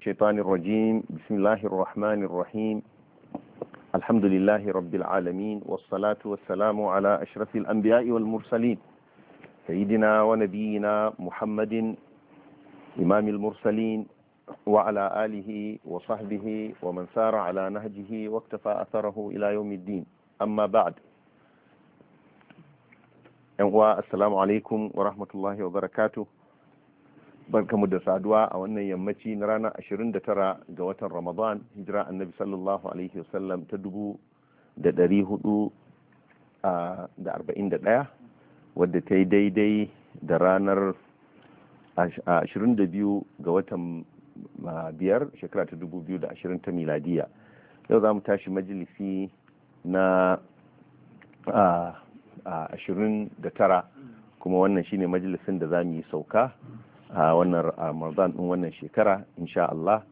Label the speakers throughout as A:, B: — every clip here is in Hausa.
A: الشيطان الرجيم بسم الله الرحمن الرحيم الحمد لله رب العالمين والصلاة والسلام على أشرف الأنبياء والمرسلين سيدنا ونبينا محمد إمام المرسلين وعلى آله وصحبه ومن سار على نهجه واكتفى أثره إلى يوم الدين أما بعد أيوة، السلام عليكم ورحمة الله وبركاته barkamu da saduwa a wannan yammaci na ranar 29 ga watan ramadan hijira annabi sallallahu alaihi wasallam ta 441 wadda ta yi daidai da ranar 22 ga watan biyar shekara ta 2020 ta miladiya yau za mu tashi majalisi na 29 kuma wannan shine majalisin da za mu yi sauka a wannan ramadan din wannan shekara insha Allah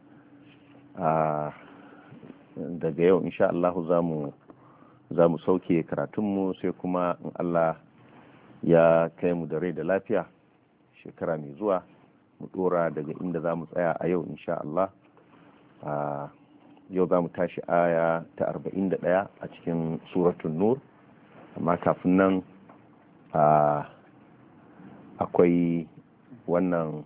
A: daga yau insha Allah za mu sauke karatunmu sai kuma in Allah ya kai mu da rai da lafiya shekara mai zuwa mu dora daga inda za mu tsaya a yau insha Allah yau za mu tashi aya ta 41 a cikin suratun nur amma kafin nan akwai wannan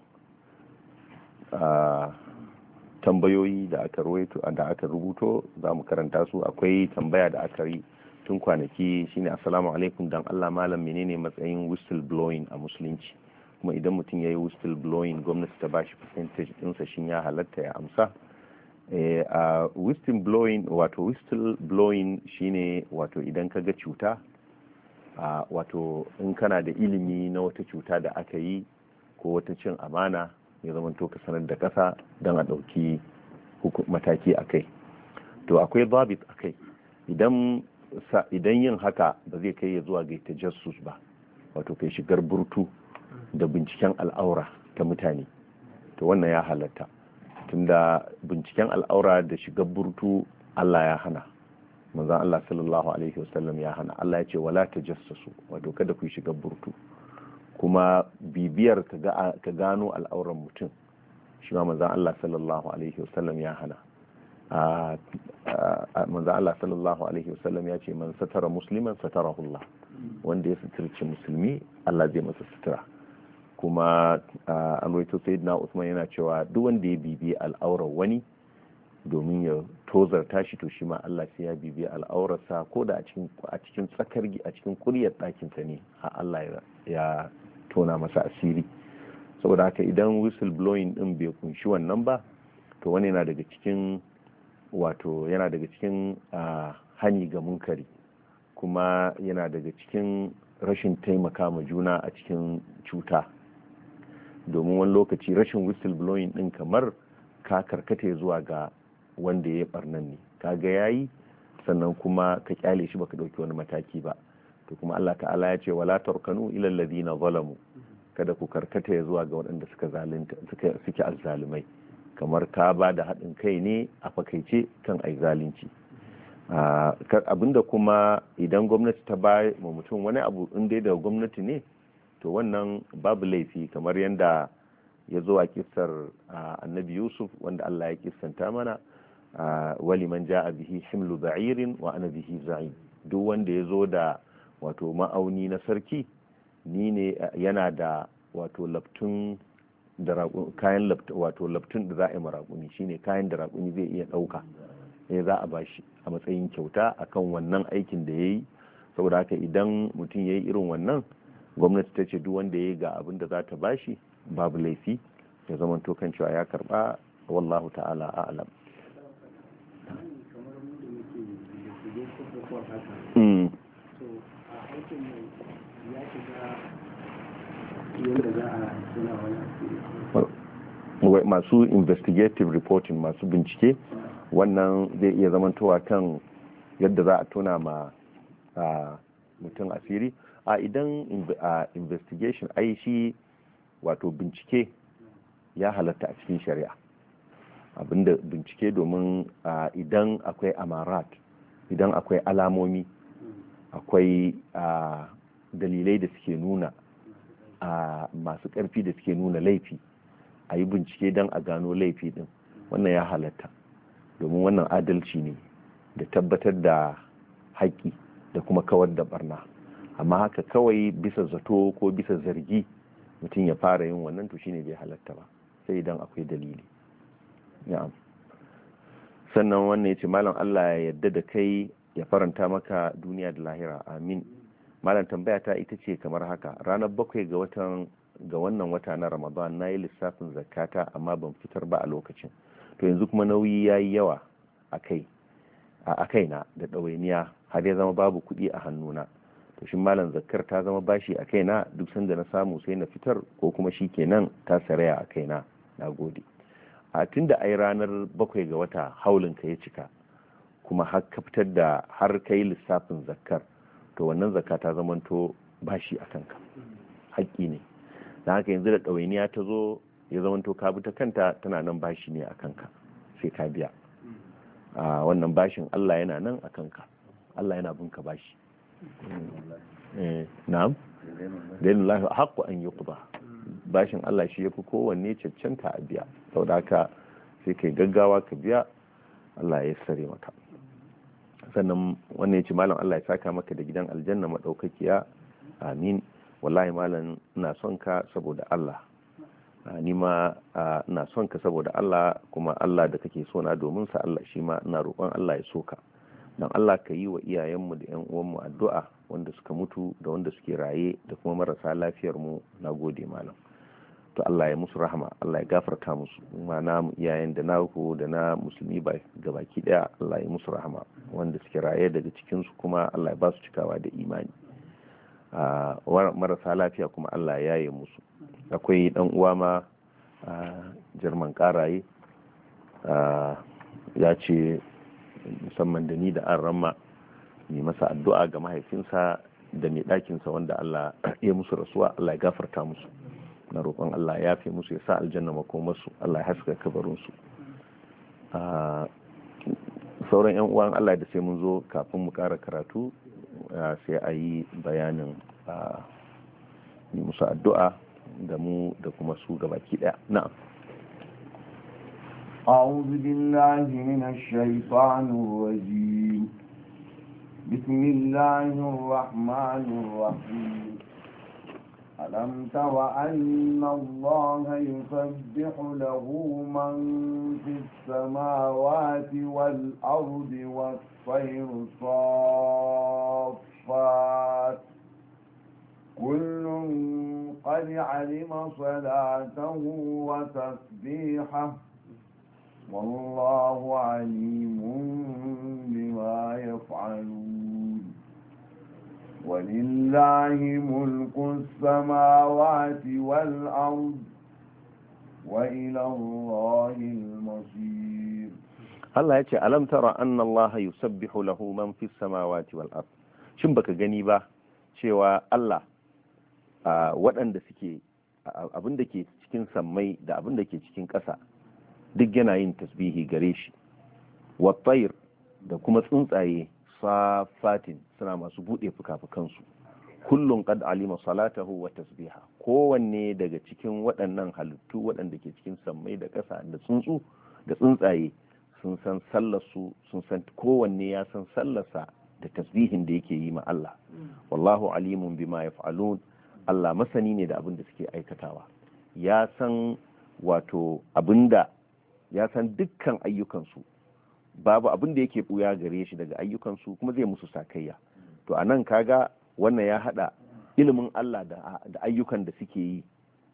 A: tambayoyi da aka ruwaito da aka rubuto za mu karanta su akwai tambaya da aka yi tun kwanaki shine assalamu alaikum dan Allah malam menene matsayin whistle blowing a musulunci kuma idan mutum ya yi whistle blowing gwamnati ta bashi percentage ɗinsa shin ya halatta ya amsa eh, a whistle blowing wato whistle blowing shine wato idan ka ga cuta wato in kana da ilimi na wata cuta da aka yi ko wata cin amana ya zama to ka sanar da ƙasa don a ɗauki mataki a kai to akwai babit a kai idan yin haka ba zai kai ya zuwa ga tajassus ba wato kai shigar burtu da binciken al'aura ta mutane to wannan ya halatta tunda binciken al'aura da shigar burtu Allah ya hana manzan Allah sallallahu alaihi wasallam ya hana Allah ya ce wala ta tajassasu wato kada ku shiga burtu kuma bibiyar ka gano al'auran mutum shi ma manzan Allah sallallahu alaihi wasallam ya hana manzan Allah sallallahu alaihi wasallam ya ce man satara musliman satara hula wanda ya suturci musulmi Allah zai masa sutura kuma an rawaito sayyidina Usman yana cewa duk wanda ya bibi al'aurar wani domin ya tozarta shi to shi ma Allah sai ya bibiya al'aurarsa ko da a cikin tsakar a cikin kuryar ɗakinsa ne a Allah ya tona masa asiri saboda haka idan whistle blowing din bai kunshi wannan ba to wani yana daga cikin wato yana daga cikin hani ga munkari kuma yana daga cikin rashin taimaka ma juna a cikin cuta domin wani lokaci rashin whistle blowing din kamar ka karkata zuwa ga wanda ya barnan ne kaga yayi sannan kuma ka kyale shi baka dauki wani mataki ba to kuma Allah ta'ala ya ce wala tarkanu ila alladhina zalamu kada ku karkata ya zuwa ga waɗanda suka zalunta suka suke azzalumai kamar ka ba da haɗin kai ne a fakaice kan ai zalunci abinda kuma idan gwamnati ta ba ma mutum wani abu in dai da gwamnati ne to wannan babu laifi kamar yadda ya zo a kissar annabi yusuf wanda allah ya kissanta mana waliman ja'a bihi himlu ba'irin wa ana bihi za'in duk wanda ya zo da wato ma'auni na sarki ni ne yana da wato laftun da kayan wato laftun da za a yi maraƙuni shine kayan da raƙumi zai iya ɗauka ne za a bashi a matsayin kyauta akan wannan aikin da ya yi saboda haka idan mutum ya yi irin wannan gwamnati ta ce duk wanda ya yi ga abin da za ta bashi babu laifi ya zama to kan cewa ya karba wallahu ta'ala a'lam masu investigative reporting masu bincike wannan zai iya zamantowa kan yadda za a tona ma mutum asiri a idan investigation a shi wato bincike ya halatta a cikin shari'a abinda bincike domin idan akwai amarat idan akwai alamomi akwai dalilai da suke nuna masu ƙarfi da suke nuna laifi a yi bincike don a gano laifi din wannan ya halatta domin wannan adalci ne da tabbatar da haƙƙi da kuma kawar da barna amma haka kawai bisa zato ko bisa zargi mutum ya fara yin wannan to shine bai halatta ba sai idan akwai dalili sannan wannan ya ce malam Allah ya yarda da kai ya faranta maka duniya da lahira amin malam tambaya ta ita ce kamar haka ranar bakwai ga watan ga wannan wata na ramadan na yi lissafin zakata amma ban fitar ba a lokacin to yanzu kuma nauyi ya yi yawa a kaina da ɗawainiya har ya zama babu kuɗi a hannuna to shin malam zakkar ta zama bashi a kaina duk sanda na samu sai na fitar ko kuma shi kenan ta saraya a kaina na gode a tunda da ai ranar bakwai ga wata haulinka ya cika kuma har kaftar da har kai lissafin zakkar to wannan zakka ta zamanto bashi a kanka haƙƙi ne don haka yanzu da ɗawainiya ta zo ya zamanto ka bi ta kanta tana nan bashi ne a kanka sai ka biya a wannan bashin Allah yana nan a kanka Allah yana ka bashi eh, na'am dainu lahi haƙƙo an yi ba bashin Allah shi ya fi kowanne cancanta a biya sau da haka sai kai gaggawa ka biya Allah ya sare maka sannan wannan ya ce malam Allah ya saka maka da gidan aljanna maɗaukakiya amin wallahi malam ina son ka saboda Allah ni ma ina son ka saboda Allah kuma Allah da kake so na domin sa Allah shi ma ina roƙon Allah ya so dan Allah ka yi wa iyayenmu da 'yan uwanmu addu'a wanda suka mutu da wanda suke raye da kuma marasa lafiyar mu na gode malam to Allah ya musu rahama Allah ya gafarta musu mana yayin da na ku da na musulmi ga baki daya Allah ya musu rahama wanda suke raye daga cikin su kuma Allah ya ba cikawa da imani marasa lafiya kuma Allah ya yi musu akwai dan uwa ma jarman karaye ya ce musamman da ni da an ramma mai masa addu'a ga mahaifinsa da mai ɗakinsa wanda Allah ya musu rasuwa Allah ya gafarta musu na roƙon Allah ya fi musu ya sa aljanna makomarsu Allah ya haska kabarinsu sauran yan uwan Allah da sai mun zo kafin mu ƙara karatu sai a yi bayanin yi musu addu'a da mu da kuma su gabaki ɗaya na'am
B: أعوذ بالله من الشيطان الرجيم بسم الله الرحمن الرحيم ألم تر أن الله يسبح له من في السماوات والأرض والطير صافات كل قد علم صلاته وتسبيحه والله عليم بما يفعلون ولله ملك السماوات والأرض وإلى الله المصير
A: Allah ya ce alam tara anna Allah yusabbihu lahu man fis samawati wal ard shin baka gani ba cewa Allah waɗanda suke abin da ke cikin sammai da abin da ke cikin ƙasa duk yana yin tasbihi gare shi wattayr da kuma tsuntsaye safatin suna masu buɗe fuka-fukansu kullum kad alima salatahu wa tasbiha kowanne daga cikin waɗannan halittu waɗanda ke cikin sammai da ƙasa da tsuntsu da tsuntsaye sun san sallarsu sun san kowanne ya san sallarsa da tasbihin da yake yi ma Allah wallahu alimun bima yaf'alun Allah masani ne da abin da suke aikatawa ya san wato abinda ya san dukkan ayyukansu babu abin da yake buya gare shi daga ayyukansu kuma zai musu sakayya to anan kaga wannan ya hada ilimin Allah da, ayyukan da suke yi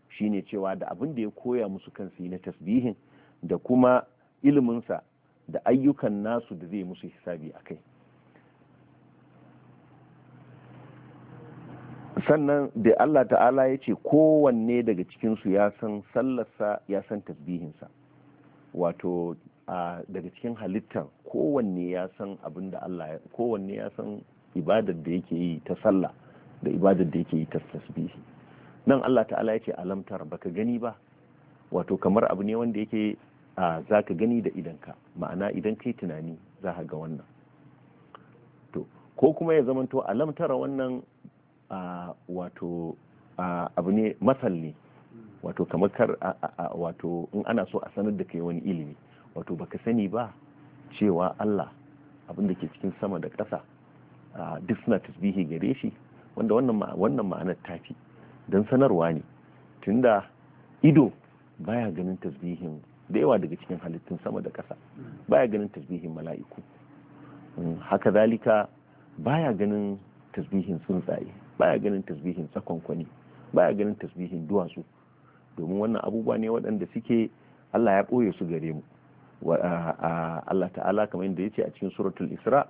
A: shine cewa da abin da ya koya musu kansu na tasbihin da kuma iliminsa da ayyukan nasu da zai musu hisabi a kai sannan da Allah ta'ala ya ce kowanne daga cikinsu ya san sallarsa ya san tasbihinsa wato daga cikin halittar kowanne ya san abin da Allah kowanne ya san ibadar da yake yi ta sallah da ibadar da yake yi ta tasbihi nan Allah ta'ala ya ce alamtar baka gani ba wato kamar abu ne wanda yake za ka gani da idanka ma'ana idan kai tunani za ka ga wannan to ko kuma ya zamanto alamtar wannan wato abu ne masal ne wato kamar wato in ana so a sanar da kai wani ilimi wato baka sani ba cewa Allah abin da ke cikin sama da ƙasa duk suna tasbihi gare shi wanda wannan ma'anar tafi don sanarwa ne tunda ido baya ganin tasbihin da yawa daga cikin halittun sama da ƙasa baya ganin tasbihin mala'iku mm, haka zalika baya ganin tasbihin tsuntsaye baya ganin tasbihin tsakonkwani baya ganin tasbihin duwatsu domin wannan abubuwa ne waɗanda suke Allah ya ɓoye su gare mu Allah ta'ala kamar inda yace a cikin suratul Isra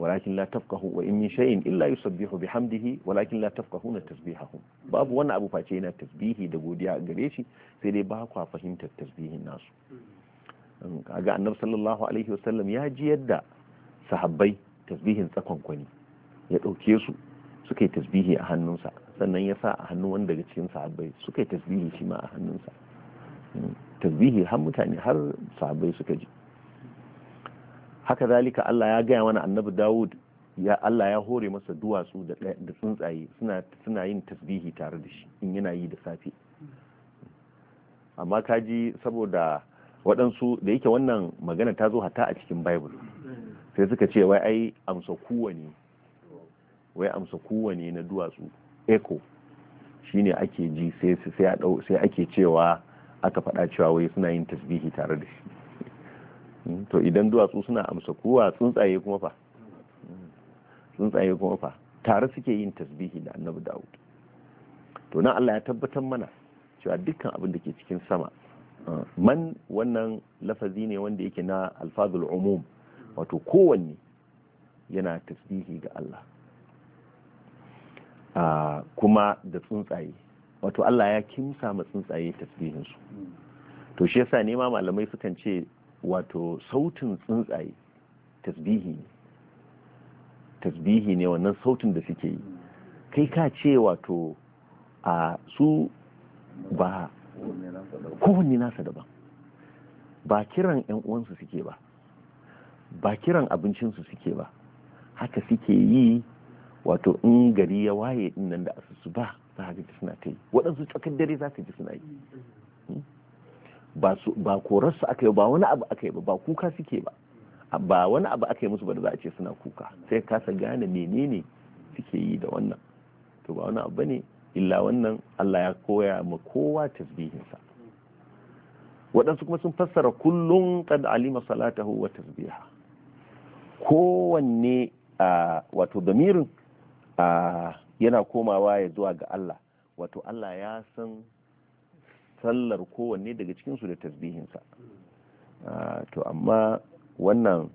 A: walakin la tafqahu wa in min shay'in illa yusabbihu bihamdihi walakin la na tasbihahu babu wani abu face yana tasbihi da godiya a gare shi sai dai ba kwa fahimtar tasbihin
C: nasu
A: kaga annabi sallallahu alaihi wasallam ya ji yadda sahabbai tasbihin tsakon kwani ya dauke su suka yi tasbihi a hannunsa sannan ya sa a hannun wanda daga cikin sahabbai suka yi tasbihi shi ma a hannunsa tasbihi har mutane har sahabbai suka ji haka zalika Allah ya gaya wani annabi Dawud ya Allah ya hore masa duwatsu da tsuntsaye suna suna yin tasbihi tare da shi in yana yi da safe amma kaji saboda waɗansu da yake wannan magana ta zo hata a cikin bible sai suka ce wai ai amsa kowane wai amsa kowane na duwatsu echo shine ake ji sai sai ake cewa aka faɗa cewa wai suna yin tasbihi tare da shi hmm? to idan duwatsu suna amsa kowa tsuntsaye kuma fa tsuntsaye kuma fa tare suke yin tasbihi da annabi dawud to nan Allah ya tabbatar mana cewa dukkan abin da ke cikin sama uh, man wannan lafazi ne wanda yake na alfazul umum wato kowanne yana tasbihi ga Allah uh, kuma da tsuntsaye wato Allah ya kimsa ma tsuntsaye tasbihin su to shi yasa ne ma malamai sukan ce wato sautin tsuntsaye tasbihi ne tasbihi ne wannan sautin da suke yi kai ka ce wato a su ba kowanne nasa daban ba kiran yan uwansu suke ba ba kiran abincinsu suke ba haka suke yi wato in gari ya waye din da asusu ba za ka ji suna ta yi waɗansu tsakar dare za ka ji suna yi hmm? ba korarsu aka yi ba wani abu aka yi ba kuka suke ba ba wani abu aka yi musu ba da za a ce suna kuka sai kasa gane menene suke yi da wannan to ba wani abu ne illa wannan Allah ya koya ma kowa tasbihinsa waɗansu kuma sun fassara kullum kad alima salatahu wa tasbiha kowanne wato damirin a yana komawa ya zuwa ga Allah wato Allah ya san sallar kowanne daga cikinsu da tasbihinsa ah, to amma wannan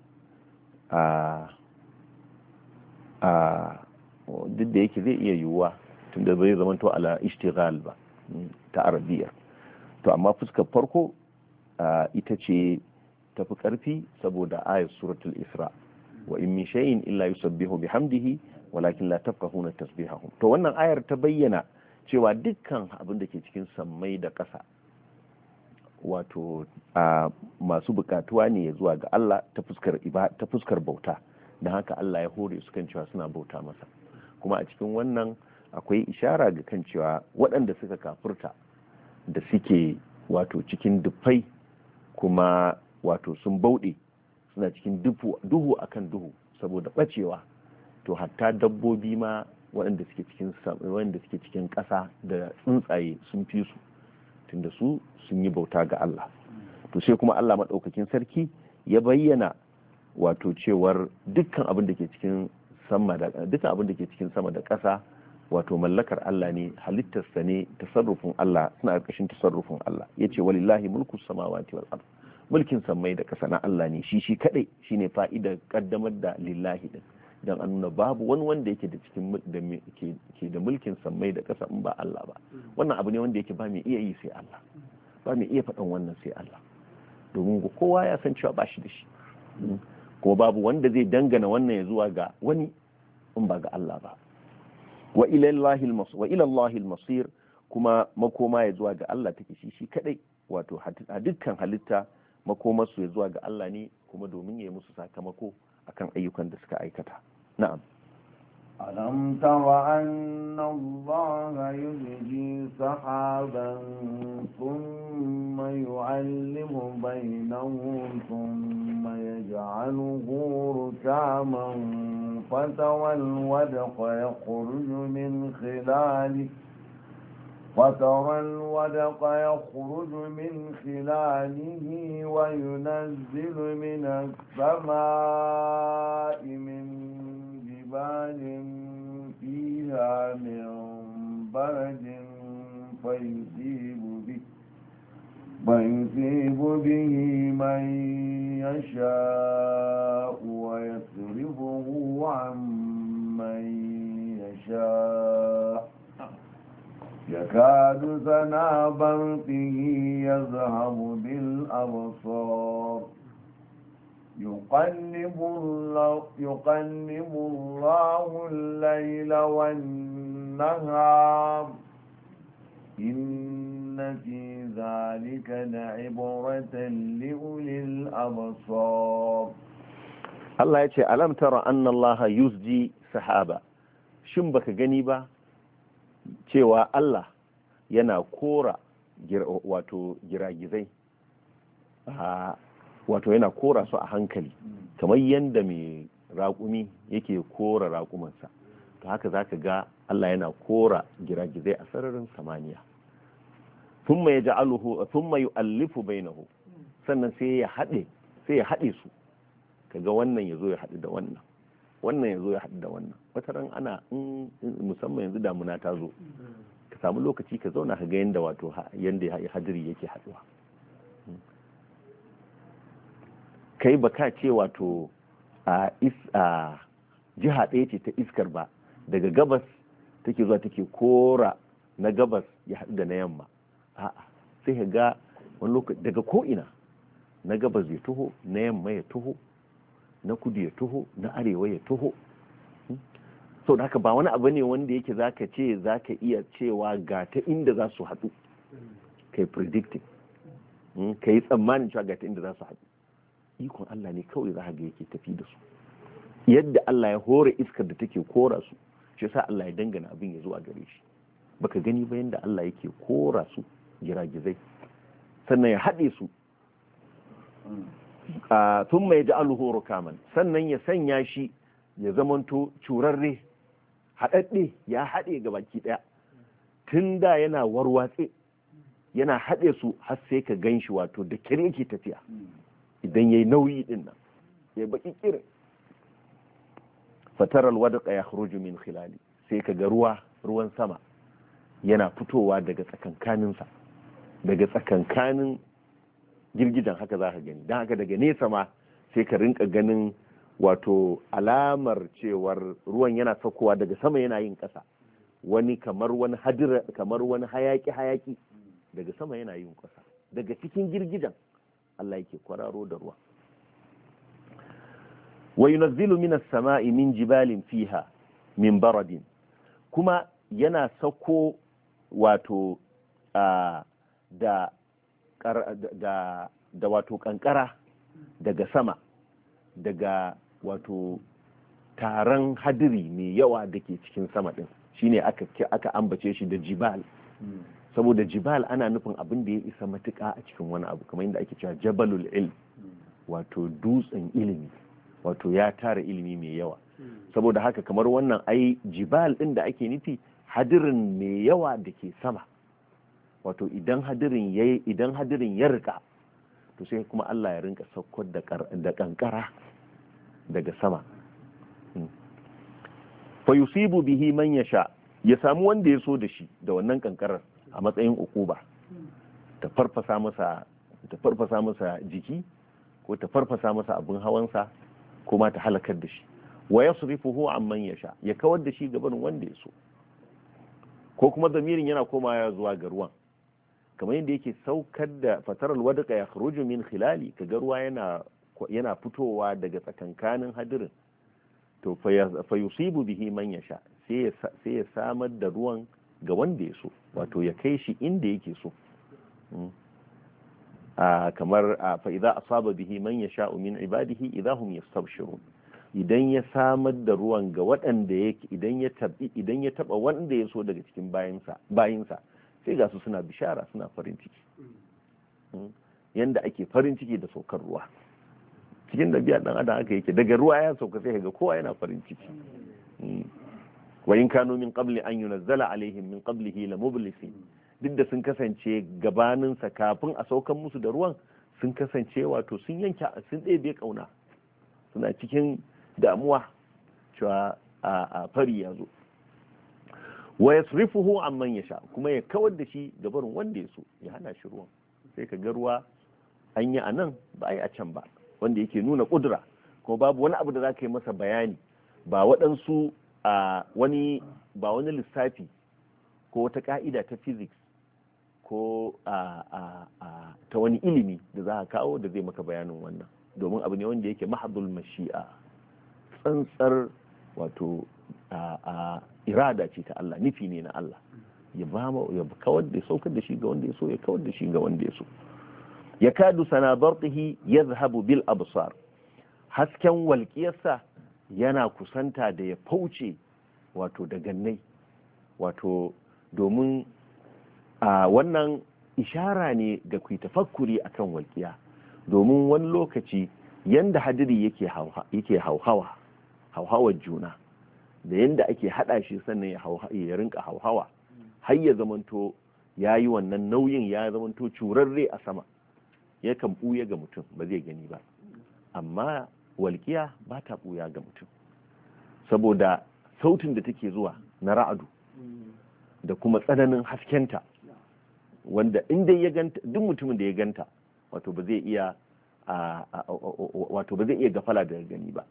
A: ah, ah, duk da yake zai iya yiwuwa da bai to ala ishtighal ba mm, ta arabiya to amma fuskar farko ita ce tafi karfi saboda ayat suratul isra wa in min shay'in illa yusabbihu bihamdihi walakin la tafqahuna tasbihahum to wannan ayar ta bayyana cewa dukkan abin da ke cikin sammai da ƙasa wato masu bukatuwa ne zuwa ga Allah ta fuskar ta fuskar bauta dan haka Allah ya hore su kan cewa suna bauta masa kuma a cikin wannan akwai ishara ga kan cewa waɗanda suka kafurta da suke wato cikin dufai kuma wato sun bauɗe suna cikin duhu akan duhu saboda ɓacewa to hatta dabbobi ma waɗanda suke cikin waɗanda suke cikin ƙasa da tsuntsaye sun fi su tunda su sun yi bauta ga Allah to sai kuma Allah maɗaukakin sarki ya bayyana wato cewar dukkan abin da ke cikin sama da dukkan abin da ke cikin sama da ƙasa wato mallakar Allah ne halittarsa ne tasarrufin Allah suna ƙarƙashin tasarrufin Allah yace walillahi mulku samawati wal ard mulkin sammai da ƙasa na Allah ne shi shi kadai shine fa'idar kaddamar da lillahi din don an nuna babu wani wanda yake da cikin ke da mulkin sammai da ƙasa in ba Allah ba wannan abu ne wanda yake ba mai iya yi sai Allah ba mai iya faɗan wannan sai Allah domin kowa ya san cewa ba shi da shi hmm. kuma babu wanda zai dangana wannan ya zuwa ga wani in ba ga Allah ba wa ilallahi masir kuma makoma ya zuwa ga Allah take shi shi kadai wato a dukkan halitta makomarsu ya zuwa ga Allah ne kuma domin ya yi musu sakamako akan ayyukan da suka aikata na'am
B: ألم تر أن الله يزجي سحابا ثم يعلم بينه ثم يجعله ركاما فتوى الودق يخرج من خلاله فترى الودق يخرج من خلاله وينزل من السماء من جبال فيها من برد فيصيب به فيصيب به من يشاء ويصرفه عن من يشاء يكاد سنا برقه يذهب بالأبصار يقلب الله, يقلب الله الليل والنهار إن في ذلك لعبرة لأولي الأبصار
A: الله يتي ألم ترى أن الله يزجي سحابة shin baka gani ba cewa Allah yana kora wato giragizai wato yana kora su a hankali kamar yadda mai raƙumi yake kora raƙumansa to haka za ka ga Allah yana kora giragizai a sararin samaniya thumma yaj'aluhu thumma yu'allifu bainahu sannan sai ya haɗe sai ya haɗe su kaga wannan ya zo ya haɗu da wannan wannan ya ya haɗe da wannan wata ran ana musamman yanzu damuna ta zo ka samu lokaci ka zauna ka ga yanda wato yanda hadiri yake haɗuwa kai ba ka ce wato a jiha ɗaya ce ta iskar ba daga gabas take zuwa take kora na gabas ya haɗu da na yamma a'a sai ka ga wani lokaci daga ko'ina na gabas ya taho na yamma ya taho na kudu ya taho na arewa ya taho hmm? sau da haka ba wani abu ne wanda yake zaka ce zaka iya cewa ga ta inda za su haɗu kai predicting hmm? kai tsammanin cewa ga ta inda za su haɗu ikon Allah ne kawai za ga yake tafi da su yadda Allah ya hore iskar da take kora su shi yasa Allah ya dangana abin ya zo a gare shi baka gani ba yadda Allah yake kora su giragizai sannan ya haɗe su tun mai ji horo rukaman sannan ya sanya shi ya zamanto curarre haɗaɗɗe ya haɗe ga baki ɗaya tun da yana warwatse yana haɗe su har sai ka gan shi wato da kyar yake tafiya idan ya yi nauyi din nan ya baki kirin fataral ya yakhruju min khilali sai ga ruwa ruwan sama yana fitowa daga tsakankaninsa daga tsakankanin girgijan haka za ka gani Dan haka daga nesa ma sai ka rinka ganin wato alamar cewar ruwan yana saukowa daga sama yana yin kasa wani kamar wani hadira kamar wani hayaki hayaki daga sama yana yin ƙasa daga cikin girgijan Allah yake kwararo da ruwa wa yunazzilu minas sama'i min jibalin fiha min baradin kuma yana sako wato da da wato kankara daga sama daga wato taron hadiri mai yawa da ke cikin sama din shine aka aka ambace shi da jibal hmm. saboda jibal ana nufin abin da ya isa matuka a cikin wani abu kamar yadda ake cewa jabalul ilm wato dutsen ilimi wato ya tara ilimi mai yawa saboda haka kamar wannan ai jibal din da ake nufi hadirin mai yawa da ke sama wato idan hadirin ya idan hadirin ya rika to sai kuma Allah ya rinka saukar da kankara daga sama hmm. fa yusibu bihi man yasha ya samu wanda ya so da shi da wannan kankarar a matsayin ukuba ta farfasa masa jiki ko ta farfasa masa abin hawansa ko ma ta halakar da shi wa yasrifuhu amman yasha ya kawar da shi gaban wanda ya so ko kuma zamirin yana komawa zuwa ga ruwan kamar yadda yake saukar da fataral wadaka ya khruju min khilali kaga ruwa yana yana fitowa daga tsakankanin hadirin to fa yusibu bihi man yasha sai ya samar da ruwan ga wanda ya so wato ya kai shi inda yake so hmm. kamar fa idza asaba bihi man yasha'u min ibadihi idza hum yastabshirun idan ya samar da ruwan ga waɗanda yake idan ya tabi idan ya taba wanda ya so daga cikin bayinsa bayinsa sai ga su suna bishara suna farin ciki hmm. yanda ake farin ciki da saukar ruwa cikin da biya dan adam aka yake daga ruwa ya sauka sai ga kowa yana farin ciki hmm. wa in kanu min qabli an yunazzala alaihim min qablihi la mublisin duk da sun kasance gabanin sa kafin a saukan musu da ruwan sun kasance wato sun yanke sun ɗebe kauna suna cikin damuwa cewa a fari ya zo wa yasrifuhu amman yasha kuma ya kawar da shi ga barin wanda ya so ya hana shi ruwan sai ka ga ruwa an a nan ba a yi a can ba wanda yake nuna kudura kuma babu wani abu da za ka yi masa bayani ba waɗansu a wani ba wani lissafi ko wata ka'ida ta physics ko a ta wani ilimi da za a kawo da zai maka bayanin wannan domin abu ne wanda yake mahadul mashi'a tsantsar wato a irada ce ta Allah nufi ne na Allah ya ba ya kawar da saukar da shi ga wanda ya so ya kawar da shi ga wanda ya so ya kadu sana barqihi yadhhabu bil absar hasken walqiyarsa yana kusanta da ya fauce wato da gannai wato domin a wannan ishara ne ga ku tafakkuri kan walƙiya domin wani lokaci yanda hadiri yake hauhawa hauhawar juna da yanda ake hada shi sannan ya rinka hauhawa har ya zamanto ya yi wannan nauyin ya zamanto curarre a sama yakan buya ga mutum ba zai gani ba amma walƙiya ba ta ɓuya ga mutum saboda sautin da take zuwa na ra'adu da kuma tsananin haskenta wanda inda ya ganta duk mutumin da ya ganta wato ba zai iya wato ba zai iya gafala daga gani ba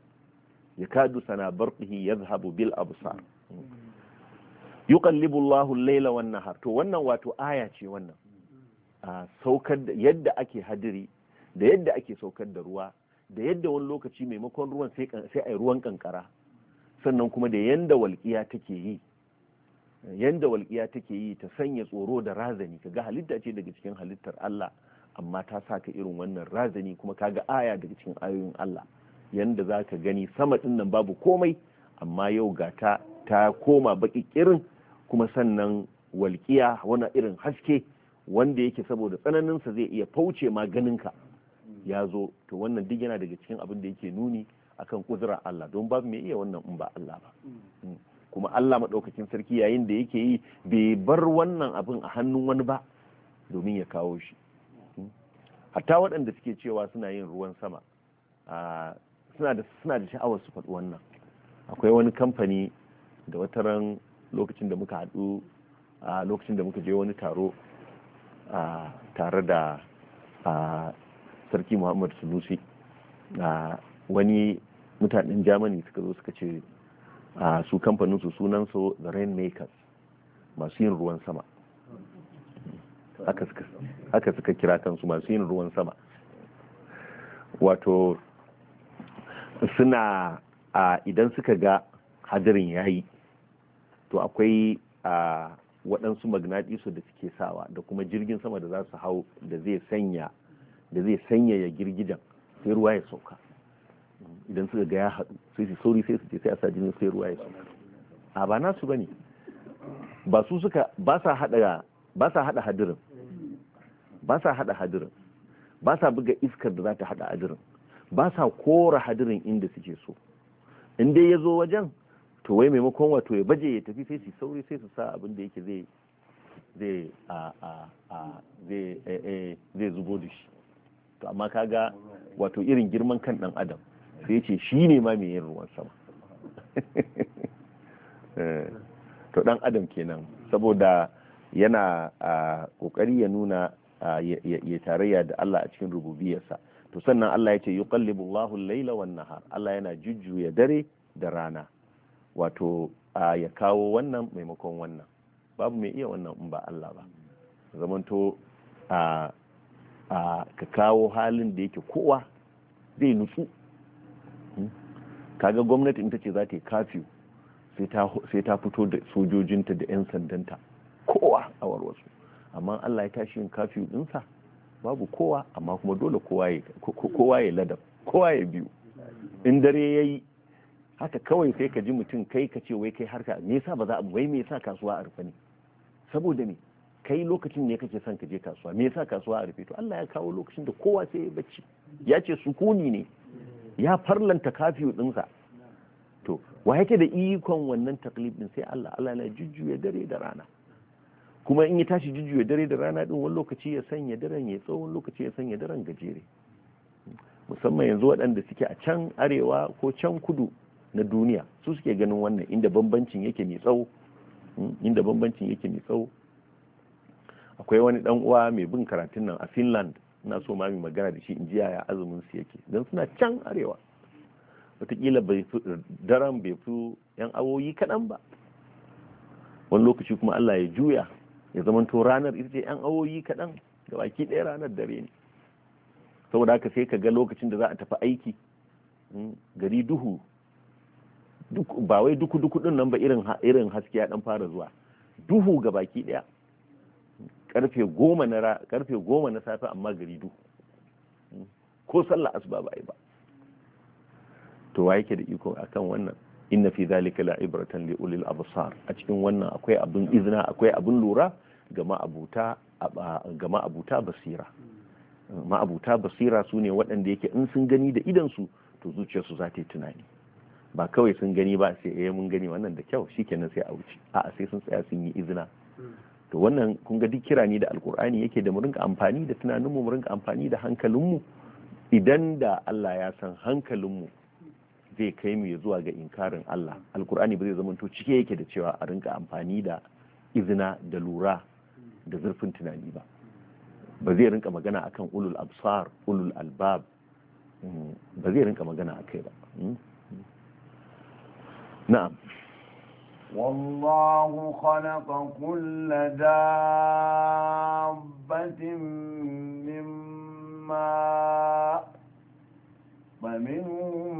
A: ya kadu sana ya zahabu bil abusa yuqallibu Allahu al-layla to wannan wato aya ce wannan saukar yadda ake hadiri da yadda ake saukar da ruwa da yadda wani lokaci maimakon ruwan sai a ruwan kankara sannan kuma da yadda walƙiya take yi yanda walƙiya take yi ta sanya tsoro da razani kaga halitta ce daga cikin halittar Allah amma ta sa ka irin wannan razani kuma ka ga aya daga cikin ayoyin Allah yadda za ka gani sama ɗin babu komai amma yau ga ta ta koma baƙi ƙirin kuma sannan walƙiya wani irin haske wanda yake saboda tsananinsa zai iya fauce ma ganinka ya zo to wannan duk yana daga cikin abin da yake nuni akan kudura Allah don babu mai iya wannan in ba Allah ba mm. kuma Allah maɗaukakin sarki yayin da yake yi bai bar wannan abin a hannun wani ba domin ya kawo shi mm. hatta waɗanda suke cewa suna yin ruwan sama suna da suna da sha'awar su faɗi wannan akwai wani kamfani da wata ran lokacin da muka haɗu a lokacin da muka je wani taro tare da sarki muhammad sulusi wani mutanen Jamani suka zo suka ce su kamfanin su sunan su the rainmakers masu yin ruwan sama haka suka kira kansu masu yin ruwan sama wato suna idan suka ga hadirin yi, to akwai a waɗansu magnatisu da suke sawa da kuma jirgin sama da za su hau da zai sanya da zai sanyaya girgijan sai ruwa ya sauka idan suka ga ya haɗu sai su sauri sai su ce sai a sa jinin sai ruwa ya sauka a ba nasu bane ba su suka ba sa hada ba sa hada hadirin ba sa hada hadirin ba sa buga iskar da za ta hada hadirin ba sa kora hadirin inda suke so in dai ya zo wajen to wai maimakon wato ya baje ya tafi sai su sauri sai su sa abin da yake zai zai a a eh, eh, zai zubo da shi to amma kaga wato irin girman kan dan adam sai ce shi ne ma mai yin ruwan sama eh, to dan adam kenan saboda yana a kokari ya nuna ya tarayya da Allah a cikin rububiyarsa to sannan Allah ya ce yuqallibu Allahu al-laila wan nahar Allah yana jujjuya dare da rana wato ya kawo wannan maimakon wannan babu mai iya wannan in ba Allah ba zamanto a ka kawo halin da yake kowa zai nutsu hmm? kaga gwamnati in ta ce za ta yi kafiyu sai ta fito da sojojinta da 'yan sandanta kowa a warwasu amma allah ya tashi yin kafiyu dinsa babu kowa amma kuma dole kowa ya ladab kowa ya biyu in dare ya yi haka kawai sai ka ji mutum kai ka ce wai kai harka me yasa ba za a wai me yasa kasuwa a rufe ne saboda ne kai lokacin ne kake son ka je kasuwa me yasa kasuwa a rufe to Allah ya kawo lokacin da kowa sai ya bacci ya ce sukuni ne ya farlanta kafiyu dinsa to wa yake da ikon wannan taklif din sai Allah Allah na jujjuya dare da rana kuma in ya tashi jujjuya dare da rana din wani lokaci ya sanya daren ya tsawon lokaci ya sanya daren gajere musamman yanzu waɗanda suke a can arewa ko can kudu na duniya su suke ganin wannan inda bambancin yake mai tsawo hmm, inda bambancin yake mai tsawo akwai wani dan uwa mai bin karatun nan a finland na so ma mai magana da shi in jiya ya azumin su yake don suna can arewa watakila bai daren bai fi yan awoyi kaɗan ba wani lokaci kuma allah ya juya ya zama to ranar ita ce yan awoyi kaɗan da baki ɗaya ranar dare ne saboda haka sai ka ga lokacin da za a tafi aiki hmm, gari duhu ba wai duku duku din nan ba irin haske ya dan fara zuwa duhu ga baki ɗaya karfe goma na safe amma gari du hmm? ko sallah asuba ba ai ba to wa yake da iko akan wannan inna fi zalika ibratan li ulil absar a cikin wannan akwai abun izina akwai abun lura ga ma'abuta ga ma'abuta basira hmm, ma'abuta basira su ne waɗanda yake in sun gani da idan su to zuciyarsu za ta yi tunani ba kawai sun gani ba sai eh mun gani wannan da kyau shikenan sai a wuce a'a sai sun tsaya sun yi izina hmm. to wannan kun ga duk kira ne da alkur'ani yake da mu amfani da tunaninmu mu amfani da hankalinmu idan da Allah ya san hankalinmu zai kai mu zuwa ga inkarin Allah alkur'ani ba zai zama to cike yake da cewa a rinka amfani da izina da lura da zurfin tunani ba ba zai rinka magana akan ulul absar ulul albab hmm, ba zai rinka magana akai ba hmm? na'am
B: والله خلق كل دابة من ماء فمنهم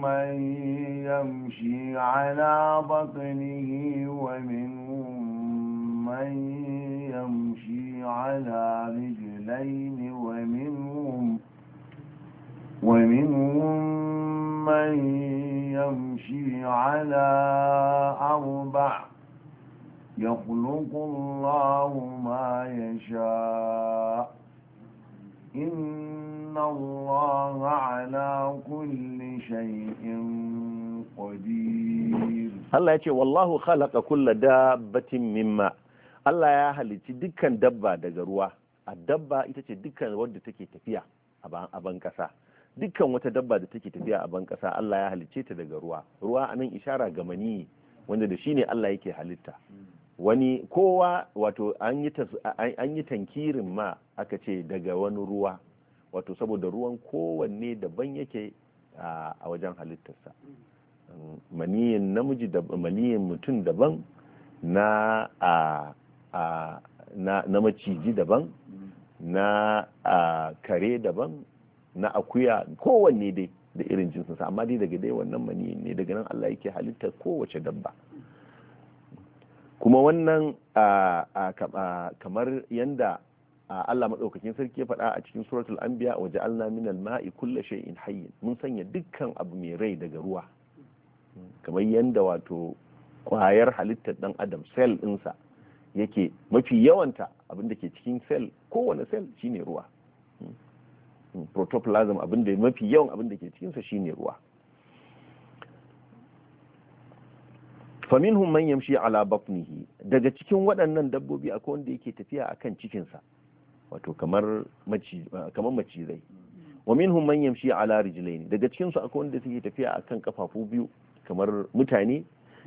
B: من يمشي على بطنه ومنهم من يمشي على رجلين ومنهم ومنهم من يمشي على أربع يخلق الله ما يشاء إن الله على كل شيء
C: قدير
A: الله يقول والله خلق كل دابة مما Allah ya halicci dukkan dabba daga ruwa a dabba ita ce dukkan wadda take tafiya a ban ƙasa dukkan wata dabba da take tafiya a ban kasa Allah ya halicce ta daga ruwa ruwa anan ishara ga mani wanda da shine Allah yake halitta wani kowa wato an yi tankirin ma aka ce daga wani ruwa wato saboda ruwan kowanne daban yake a wajen halittarsa maniyin namiji da maniyin mutum daban na a na maciji daban na kare daban na akuya kowanne dai da irin jinsinsa amma dai daga dai wannan mani ne daga nan Allah yake halitta kowace dabba kuma wannan kamar yanda Allah madaukakin sarki ya faɗa a cikin suratul anbiya wa ja'alna min al-ma'i kulli shay'in hayyin mun sanya dukkan abu mai rai daga ruwa kamar yanda wato kwayar halittar dan adam cell ɗinsa yake mafi yawanta abinda ke cikin cell kowane cell shine ruwa protoplasm abin da mafi yawan abin da ke cikinsa shine ruwa faminhum man yamshi ala batnihi daga cikin waɗannan dabbobi akwai wanda yake tafiya akan cikinsa wato kamar kamar macizai wa minhum man yamshi ala rijlaini daga cikin su akwai wanda suke tafiya akan kafafu biyu kamar mutane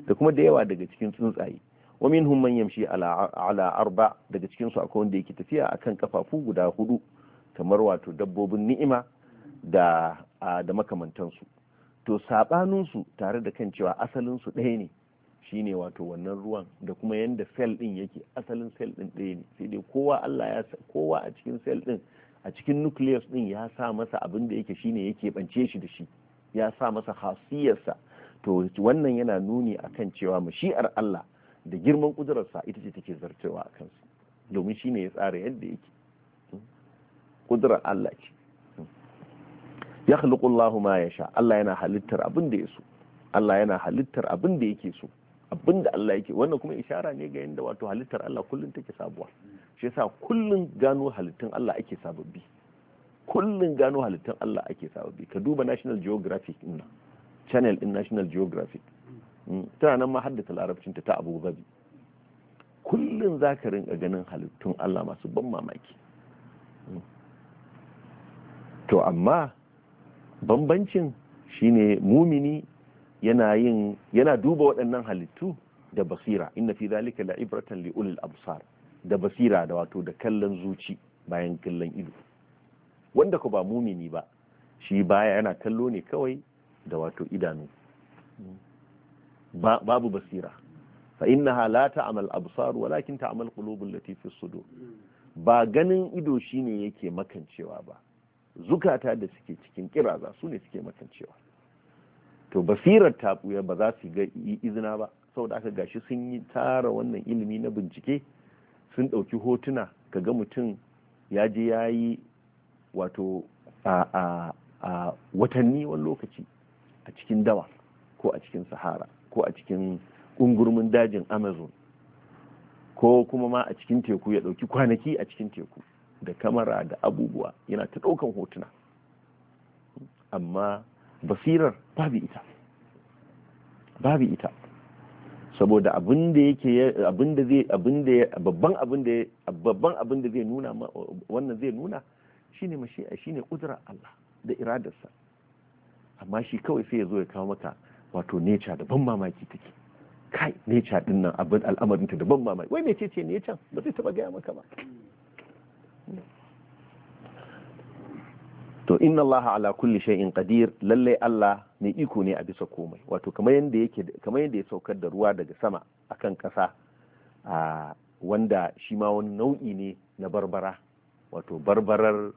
A: da kuma da yawa daga cikin tsuntsaye wa minhum man yamshi ala ala arba daga cikin su akwai wanda yake tafiya akan kafafu guda hudu kamar wato dabbobin ni'ima da da makamantansu to saɓaninsu tare da kan cewa asalinsu ɗaya ne shine wato wannan ruwan da kuma yadda sel ɗin yake asalin sel ɗin ɗaya ne sai dai kowa Allah ya kowa a cikin sel ɗin a cikin nucleus ɗin ya sa masa abin da yake shine yake bance shi da shi ya sa masa hasiyarsa to wannan yana nuni akan cewa mashi'ar Allah da girman kudurarsa ita ce take zartewa a kansu domin shine ya tsara yadda yake kudura Allah ce ya khluqullahu ma sha" Allah yana halittar abin da so Allah yana halittar abin da yake so abin da Allah yake wannan kuma ishara ne ga yadda wato halittar Allah kullum take sabuwa shi yasa kullum gano halittun Allah ake sababbi Kullum gano halittun Allah ake sababbi ka duba National Geographic din channel din National Geographic hmm. tana nan ma haddata larabcin ta ta Abu Dhabi kullum zaka rinka ganin halittun Allah masu ban mamaki hmm. to amma bambancin shine mumini yana yin yana duba waɗannan halittu da basira inna fi zalika la ibratan li ulil absar da basira da wato da kallon zuci bayan kallon ido wanda ku ba mumini ba shi baya yana kallo ne kawai da wato idanu babu basira fa innaha la ta'mal absar walakin ta'mal qulubul lati fi sudur ba ganin ido shine yake makancewa ba zukata da suke cikin kiraza su ne suke makancewa to basirar taɓuya ba za su ga izina ba saboda aka gashi sun yi tara wannan ilimi na bincike sun ɗauki hotuna ka ga mutum ya je ya yi wato a watanni wani lokaci a cikin dawa ko a cikin sahara ko a cikin ƙungurmin dajin amazon ko kuma ma a cikin teku ya ɗauki kwanaki a cikin teku da kamara da abubuwa yana ta ɗaukan hotuna amma basirar babu ita babu ita saboda abin da yake abin da zai abin da babban abin da babban abin da zai nuna wannan zai nuna shine mashi shine kudura Allah da iradarsa amma shi kawai sai ya zo ya kawo maka wato nature da ban mamaki take kai nature din nan abin al'amarin ta da ban mamaki wai mecece nature ba zai taba gaya maka ba to inna allaha ala kulli shay'in qadir lalle allah ne iko ne a bisa komai wato kamar yanda yake kamar yanda ya saukar da ruwa daga sama akan kasa a wanda shi ma wani nau'i ne na barbara wato barbarar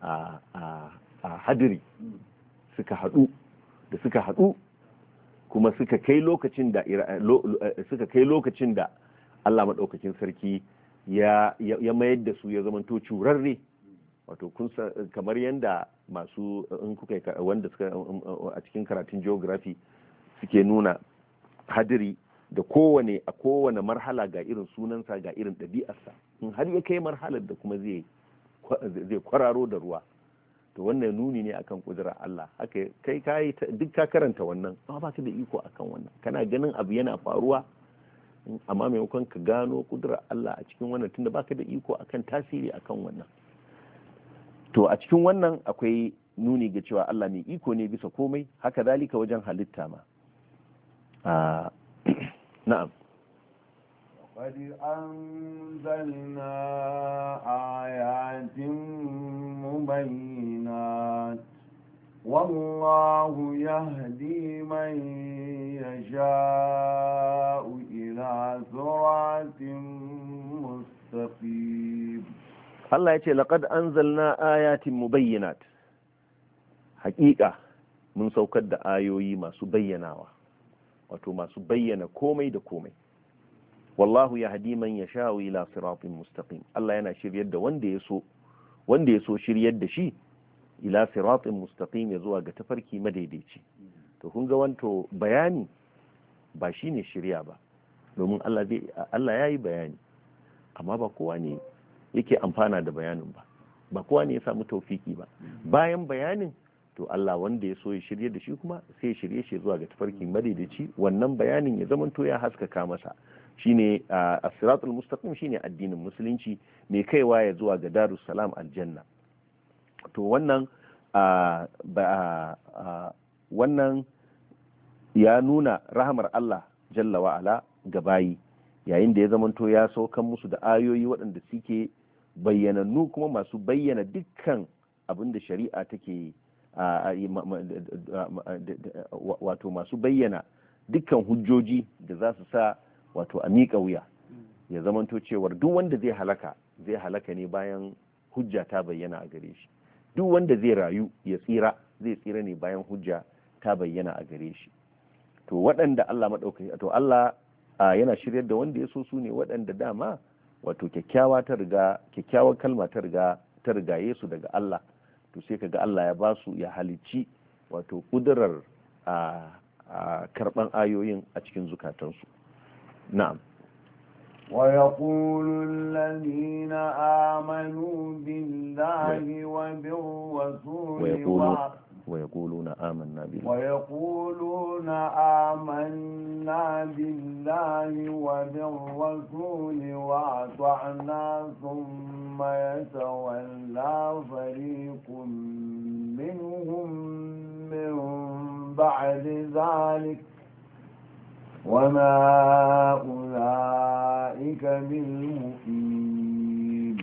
A: a hadiri suka hadu da suka haɗu kuma suka kai lokacin da eh, suka kai lokacin da Allah maɗaukakin sarki ya mayar da su ya zamanto curarre wato kun kamar yanda masu in kuka wanda suka a cikin karatun geography suke nuna hadiri da kowane a kowane marhala ga irin sunansa ga irin ɗabi'arsa in har ya kai marhalar da kuma zai zai kwararo da ruwa to wannan nuni ne akan kudura Allah haka kai kai duk ka karanta wannan ba ka da iko akan wannan kana ganin abu yana faruwa amma maimakon ka gano kudurar Allah a cikin wannan tunda baka da iko akan tasiri akan wannan to a cikin wannan akwai nuni ga cewa Allah mai iko ne bisa komai haka zalika wajen halitta ma ah, na'am
B: قد أنزلنا آيات مبينات والله يهدي من يشاء إلى صراط مستقيم
A: الله يقول لقد أنزلنا آيات مبينات حقيقة من da ayoyi ما سبينا wato masu bayyana komai da komai wallahu ya hadi ya sha'u ila siratin mustaqim Allah yana shiryar da wanda ya wanda ya so shiryar da shi ila siratin mustaqim ya zuwa ga tafarki madaidaici to kun ga wanto bayani ba shine shirya ba domin Allah zai Allah yayi bayani amma ba kowa ne yake amfana da bayanin ba ba kowa ne ya samu taufiki ba bayan bayanin to Allah wanda ya so ya shirye da shi kuma sai ya shirye shi zuwa ga tafarki madaidaici wannan bayanin ya to ya haskaka masa shine as-siratul mustaqim shine addinin musulunci mai kaiwa ya zuwa ga darussalam aljanna to wannan wannan ya nuna rahamar Allah jalla wa'ala ga bayi yayin da ya zamanto ya saukan musu da ayoyi waɗanda suke bayyanannu kuma masu bayyana dukkan abin da shari'a take wato masu bayyana dukkan hujjoji da za su sa wato a miƙa wuya ya zamanto cewar duk wanda zai halaka zai halaka ne bayan hujja ta bayyana a gare shi duk wanda zai rayu ya tsira zai tsira ne bayan hujja ta bayyana a gare shi to waɗanda Allah maɗaukaki to Allah yana shiryar da wanda ya so su ne waɗanda dama wato kyakkyawa ta riga kyakkyawar kalma ta riga ta rigaye su daga Allah to sai kaga Allah ya ba su ya halicci wato kudurar a karban ayoyin a cikin zukatansu
B: na'am ويقول الذين آمنوا بالله وبالرسول ويقول ويقولون آمنا بالله ويقولون آمنا بالله وبالرسول وأطعنا ثم يتولى فريق منهم من بعد ذلك وما أولئك بالمؤمنين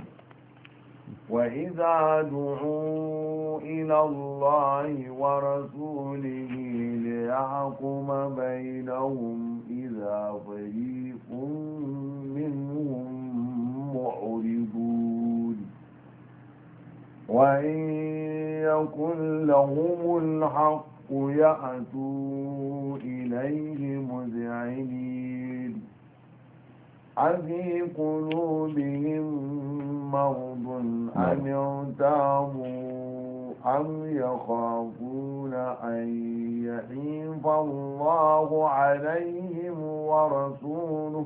B: وإذا دعوا إلى الله ورسوله ليعقم بينهم إذا فريق منهم معرضون وإن يكن لهم الحق يأتون إليه مذعنين أفي قلوبهم مرض أم نعم. ارتابوا أم يخافون أن يحيف الله عليهم ورسوله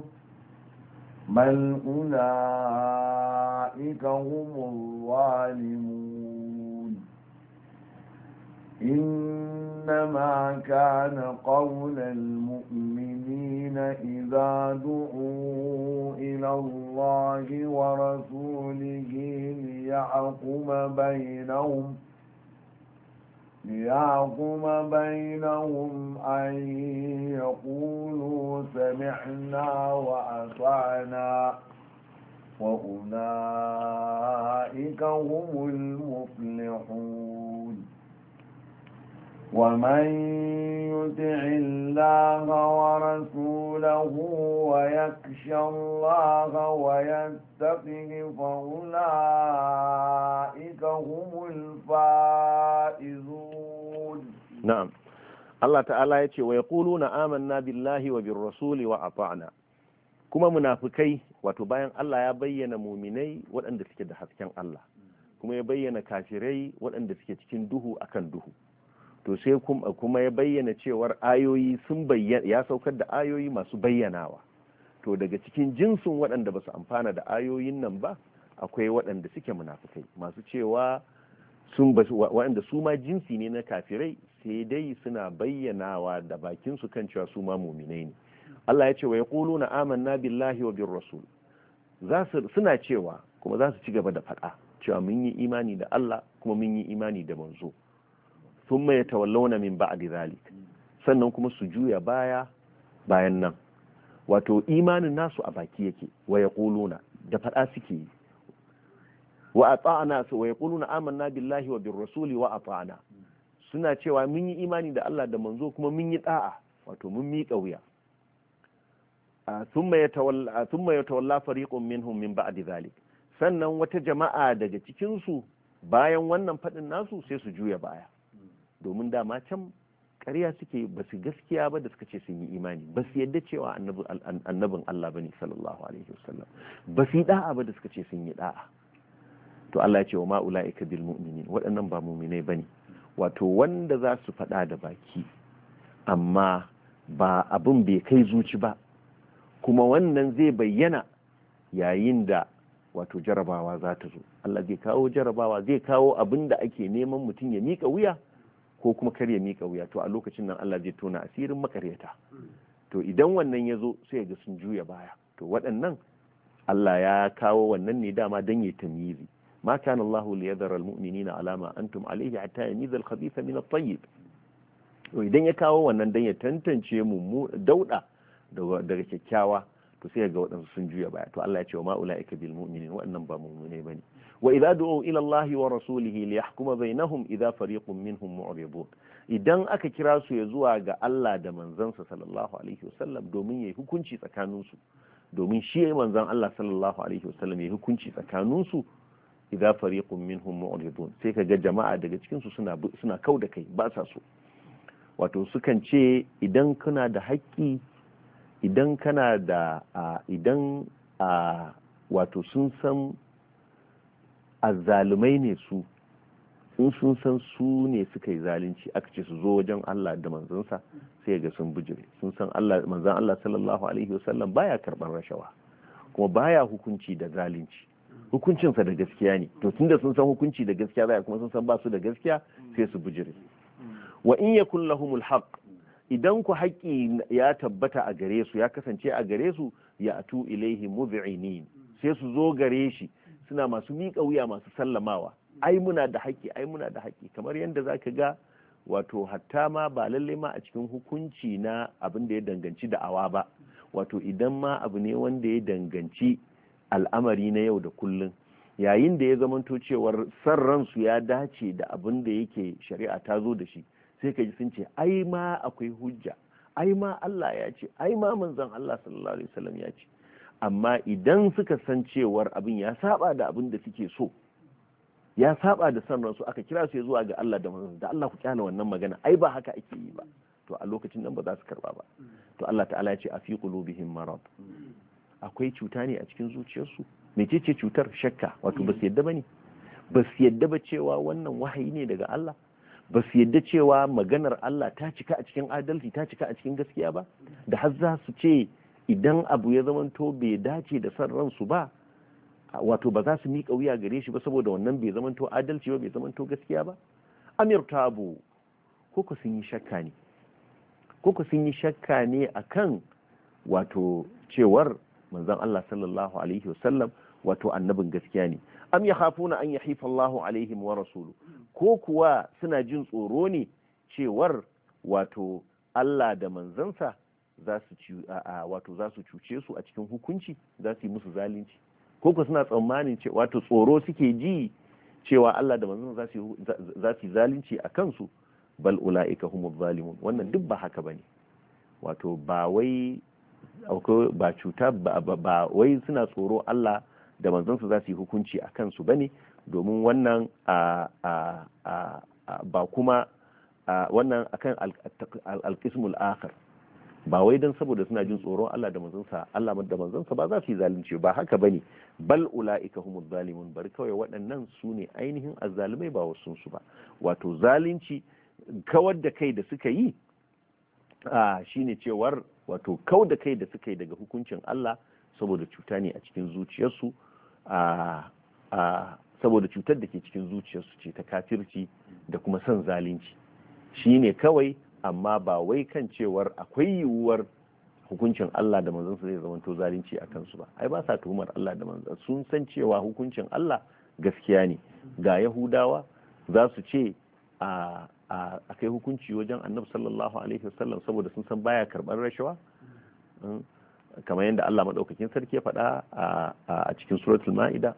B: بل أولئك هم الظالمون إن إنما كان قول المؤمنين إذا دعوا إلى الله ورسوله ليعقم بينهم ليعقم بينهم أن يقولوا سمعنا وأطعنا وأولئك هم المفلحون ومن يطع الله ورسوله ويخشى الله ويتقه فأولئك هم الفائزون
A: نعم Allah ta'ala ya ce wa ya na amanna billahi rasuli wa kuma munafikai wato bayan Allah ya bayyana muminai waɗanda suke da hasken Allah kuma ya bayyana kafirai waɗanda suke cikin duhu akan duhu to sai kuma ya bayyana cewar ayoyi sun bayyana ya saukar da ayoyi masu bayyanawa to daga cikin jinsin waɗanda ba su amfana da ayoyin nan ba akwai waɗanda suke munafukai masu cewa sun waɗanda su ma jinsi ne na kafirai sai dai suna bayyanawa da bakin su kan cewa su ma muminai ne Allah ya ce wa yaquluna amanna billahi wa bir rasul za suna cewa kuma za su ci gaba da faɗa cewa mun yi imani da Allah kuma mun yi imani da manzo thumma yatawallawna min ba'di zalik sannan kuma su juya baya bayan nan wato imanin nasu a baki yake wa kuluna da fada suke yi wa ata'na wa kuluna amanna billahi wa rasuli wa na suna cewa mun yi imani da Allah da manzo kuma mun yi ɗa'a wato mun miƙa wuya sun mai tawalla fariƙon min ba'di zalik sannan wata jama'a daga cikinsu bayan wannan fadin nasu sai su juya baya domin dama can ƙarya suke ba su gaskiya ba da suka ce sun yi imani ba su yadda cewa annabin Allah bane sallallahu alaihi wasallam ba su yi da'a ba da suka ce sun yi da'a to Allah ya ce wa ma'ula'ika bil mu'minin waɗannan ba mu'minai bane wato wanda za su faɗa da baki amma ba abin bai kai zuci ba kuma wannan zai bayyana yayin da wato jarabawa za ta zo Allah zai kawo jarabawa zai kawo abin da ake neman mutum ya mika wuya ko kuma kar ya miƙa wuya to a lokacin nan Allah zai tona asirin makaryata to idan wannan ya zo sai ga sun juya baya to waɗannan Allah ya kawo wannan ne dama dan ya tamyizi ma kana Allah li yadhara al mu'minina ala ma antum alayhi hatta yamiza al khabitha min at tayyib to idan ya kawo wannan dan ya tantance mu dauda daga kyakkyawa to sai ga waɗansu sun juya baya to Allah ya ce wa ma ulaika bil mu'minin waɗannan ba mu'minai bane wa idza du'u ila Allahi wa rasulihi li yahkuma bainahum idza fariqun minhum mu'ridun idan aka kira su ya zuwa ga Allah da manzansa sallallahu alaihi wasallam domin yayi hukunci tsakanin su domin shi yayi manzon Allah sallallahu alaihi wasallam yayi hukunci tsakanin su idza fariqun minhum mu'ridun sai kaga jama'a daga cikin su suna suna kauda kai ba sa so wato sukan ce idan kana da haƙƙi idan kana da idan wato sun san azzalumai ne su in sun san su ne suka yi zalunci aka ce su zo wajen Allah da manzansa sai ga sun bijire sun san Allah manzan Allah sallallahu alaihi wasallam baya karban rashawa kuma baya hukunci da zalunci hukuncinsa da gaskiya ne to tunda sun san hukunci da gaskiya zai kuma sun san ba su da gaskiya sai su bijire wa in yakul lahumul haqq idan ku haƙƙi ya tabbata a gare su ya kasance a gare su ya atu ilaihi mud'inin sai su zo gare shi suna masu miƙa wuya masu sallamawa ai muna da haƙƙi ai muna da haƙƙi kamar yadda za ka ga wato hatta ma ba lallai ma a cikin hukunci na abin da ya danganci da'awa ba wato idan ma abu ne wanda ya danganci al'amari na yau da kullum yayin da ya zamanto cewar san ransu ya dace da abin da yake shari'a ta zo da shi sai ka ji sun ce ai ma akwai hujja ai ma Allah ya ce ai ma manzon Allah sallallahu alaihi wasallam ya ce amma idan suka san cewar abin ya saba da abin da suke so ya saba da san ransu aka kira su ya zuwa ga Allah da manzon da Allah ku kyana wannan magana ai ba haka ake yi ba to a lokacin nan ba za su karba ba to Allah ta'ala ya ce a fi qulubihim marad akwai cuta ne a cikin zuciyarsu Me ce cutar shakka wato ba su yadda bane ba su yadda ba cewa wannan wahayi ne daga Allah ba su yadda cewa maganar Allah ta cika a cikin adalci ta cika a cikin gaskiya ba da har za su ce idan abu ya zamanto bai dace da san ransu ba wato ba za su miƙa wuya gare shi ba saboda wannan bai zamanto adalci ba bai zamanto gaskiya ba amir tabu koko sun yi shakka ne koko sun yi shakka ne akan wato cewar manzon Allah sallallahu alaihi wasallam wato annabin gaskiya ne am ya hafuna an ya Allahu alaihi wa rasulu ko kuwa suna jin tsoro ne cewar wato Allah da manzansa za su wato za cuce su a cikin hukunci za su yi musu zalunci ko ku suna tsammanin ce wato tsoro suke ji cewa Allah da manzon za su za zalunci a kansu bal ulaika humu zalimun wannan duk ba haka bane wato ba wai ba cuta ba wai suna tsoro Allah da manzansa za su yi hukunci a kansu bane domin wannan ba kuma wannan akan alkismul akhar ba wai don saboda suna jin tsoron Allah da manzansa Allah da manzansa ba za su yi zalunci ba haka ba ne. bal ulaika humuz zalimun bari kawai waɗannan su ne ainihin azzalumai ba wasu su ba wato zalunci kawar da kai da suka yi a shine cewar wato kau da kai da suka yi daga hukuncin Allah saboda cuta ne a cikin zuciyarsu a saboda cutar da ke cikin zuciyarsu ce ta kafirci da kuma son zalunci shine kawai amma ba wai kan cewar akwai yiwuwar hukuncin Allah da manzansa zai zama to zalunci a kansu ba ai ba sa tuhumar Allah da manzansa sun san cewa hukuncin Allah gaskiya ne ga Yahudawa za su ce a a kai hukunci wajen annabi sallallahu alaihi wasallam saboda sun san baya karban rashawa hmm. kamar yadda Allah madaukakin sarki ya faɗa a cikin suratul ma'ida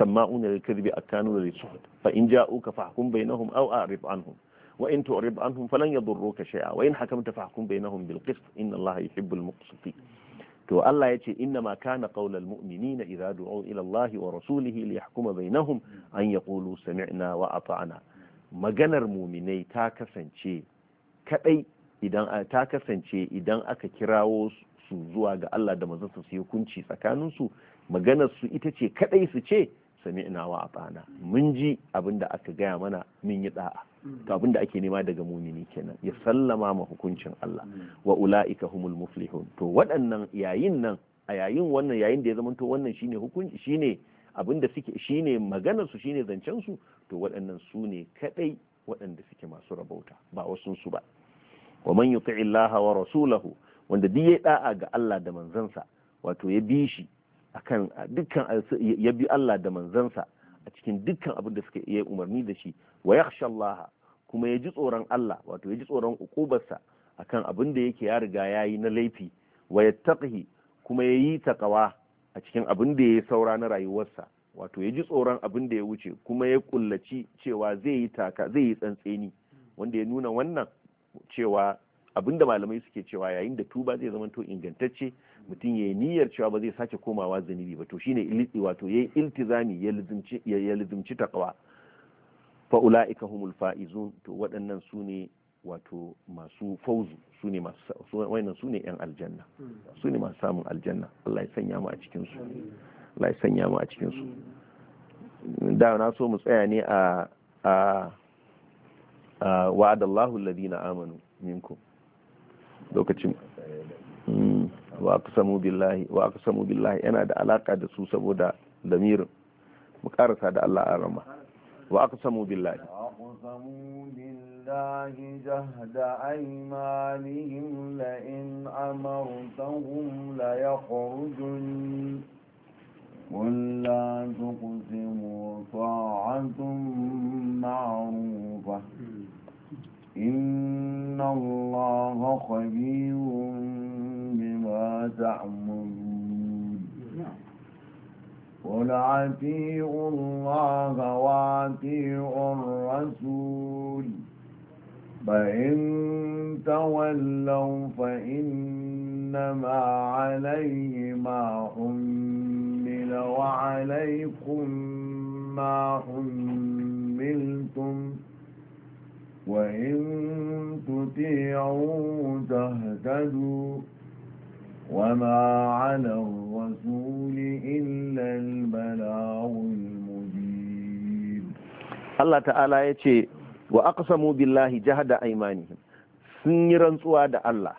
A: sama'una lilkadhibi akanu lisuhd fa in ja'uka fahkum bainahum aw a'rid anhum wa in tu'rid anhum falan yadurruka shay'a wa in hakamta fahkum bainahum bilqist inna allaha yuhibbul muqsitin to Allah yace inna ma kana qawlal mu'minina idha du'u ila allahi wa rasulihi liyahkuma bainahum an yaqulu sami'na wa afana. maganar mu'minai ta kasance kadai idan kasance idan aka kirawo su zuwa ga Allah da manzon su hukunci tsakaninsu su maganar su ita ce kadai su ce sami'na wa abana mun ji abin da aka gaya mana mun yi da'a mm. to abin da ake nema daga mumini kenan ya sallama ma hukuncin Allah mm. wa ula'ika humul muflihun to waɗannan yayin nan a yayin wannan yayin da ya zama to wannan shine hukunci shine abin da suke shine maganar su shine zancen su to waɗannan su ne kadai waɗanda suke masu rabauta ba wasun su ba wa man yuti'i wa rasulahu wanda duk ya da'a ga Allah da manzansa wato ya bi shi akan dukkan ya bi Allah da manzansa a cikin dukkan abin da suka iya umarni da shi wa yakhsha Allah kuma ya ji tsoron Allah wato ya ji tsoron ukubarsa akan abin da yake ya riga yayi na laifi wa yattaqihi kuma ya yi taqwa a cikin abin da ya saura na rayuwarsa wato ya ji tsoron abin da ya wuce kuma ya kullaci cewa zai yi taka zai yi tsantseni wanda ya nuna wannan cewa abinda malamai suke cewa yayin da tuba zai zama to ingantacce mutum ya yi niyyar cewa ba zai sake komawa zunubi ba to shine wato yayi iltizami ya lizimci taqwa fa ulaika humul faizun to waɗannan su ne wato masu fauzu su ne masu wayannan su ne yan aljanna su ne masu samun aljanna Allah ya sanya mu a cikin su Allah ya sanya mu a cikin su da na so mu tsaya ne a a wa'adallahu alladhina amanu minkum lokacin mm. wa aka samu billahi yana da alaka da su saboda lamirin mu karasa da Allah a rama wa aka samu billahi
B: jahda aymanihim la in خبير بما تعملون قل عتيعوا الله وعتيعوا الرسول فإن تولوا فإنما عليه ما حمل وعليكم ما حملتم وإن تطيعوا تهتدوا وما على الرسول إلا البلاء المجيب
A: الله تعالى يتي وأقسموا بالله جهد أيمانهم سنيران سواد الله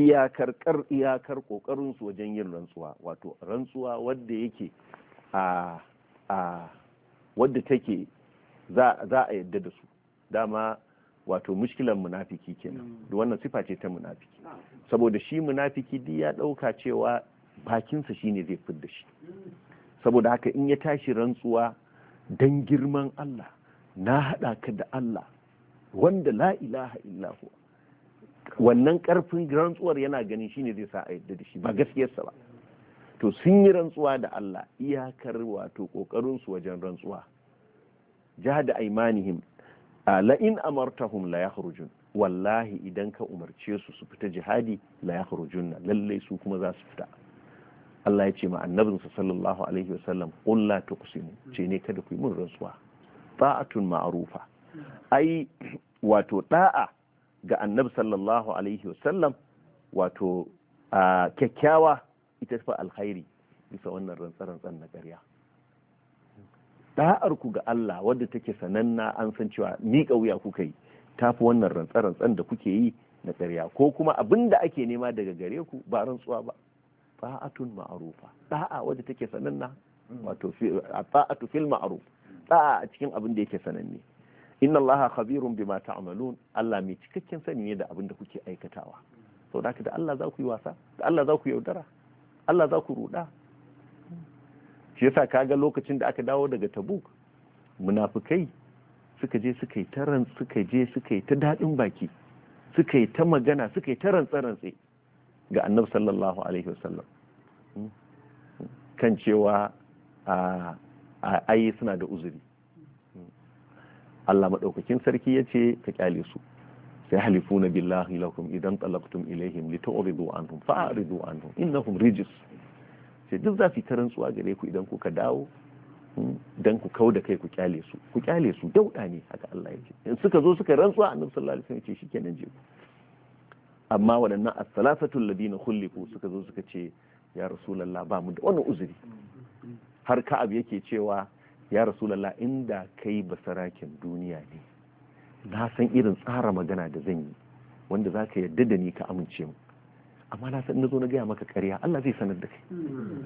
A: iyakar kar iyakar kokarin su wajen yin rantsuwa wato rantsuwa wadda yake a a wadda take za a yadda da su dama wato mushkilar munafiki kenan hmm. da wannan sifa ce ta munafiki saboda shi munafiki duk ya ɗauka cewa bakinsa shine zai fidda shi saboda haka in ya tashi rantsuwa dan girman Allah na hada ka da Allah wanda la ilaha illahu wannan karfin rantsuwar yana ganin shine zai sa a yadda da shi ba gaskiyarsa ba to sun yi rantsuwa da Allah iyakar wato kokarin su wajen rantsuwa jahada aimanihim la'in amartahum la yakhrujun wallahi idan ka umarce su su fita jihadi la yakhrujun lalle su kuma za su fita Allah ya ce ma annabinsa sallallahu alaihi wasallam qul la tuqsimu ce ne kada ku yi mun rantsuwa ta'atun ma'rufa ai wato da'a ga annabi sallallahu alaihi wasallam wato kyakkyawa ita fa alkhairi bisa wannan rantsarantsan na ƙarya da'ar ku ga Allah wadda take sananna an san cewa ni wuya kuka yi tafi wannan rantsa-rantsan da kuke yi na ƙarya ko kuma abin da ake nema daga gare ku ba rantsuwa ba ta'atun ma'arufa da'a wadda take sananna wato ta'atu fil ma'ruf da'a a cikin abin da yake sananne inna allaha khabirun bima ta'malun Allah mai cikakken sani ne da abin da kuke aikatawa saboda da Allah za ku yi wasa da Allah za ku yaudara Allah za ku ruda shi yasa kaga lokacin da aka dawo daga tabuk munafukai suka je suka yi ta suka je suka yi ta daɗin baki suka yi ta magana suka yi ta rantse-rantse ga annabi sallallahu alaihi wasallam kan cewa a ayi suna da uzuri Allah maɗaukakin sarki ya ce ka kyale su sai halifu na billahi lakum idan talaqtum ilaihim li tu'ridu anhum fa'ridu anhum innahum rijis sai duk za su yi ta rantsuwa gare ku idan kuka dawo hmm, dan ku kau da kai ku kyale su ku kyale su dauda ne haka Allah yake in suka zo suka rantsuwa annabi sallallahu alaihi wasallam ya ce shikenan je amma waɗannan as-salasatul ladina khuliqu suka zo suka ce ya rasulullah ba mu da wani uzuri har ka'ab yake cewa ya rasulullah inda kai basarakin duniya ne na san irin tsara magana da zan yi wanda zaka yarda da ni ka amince mu amma na san nazo na gaya maka ƙarya Allah zai sanar da kai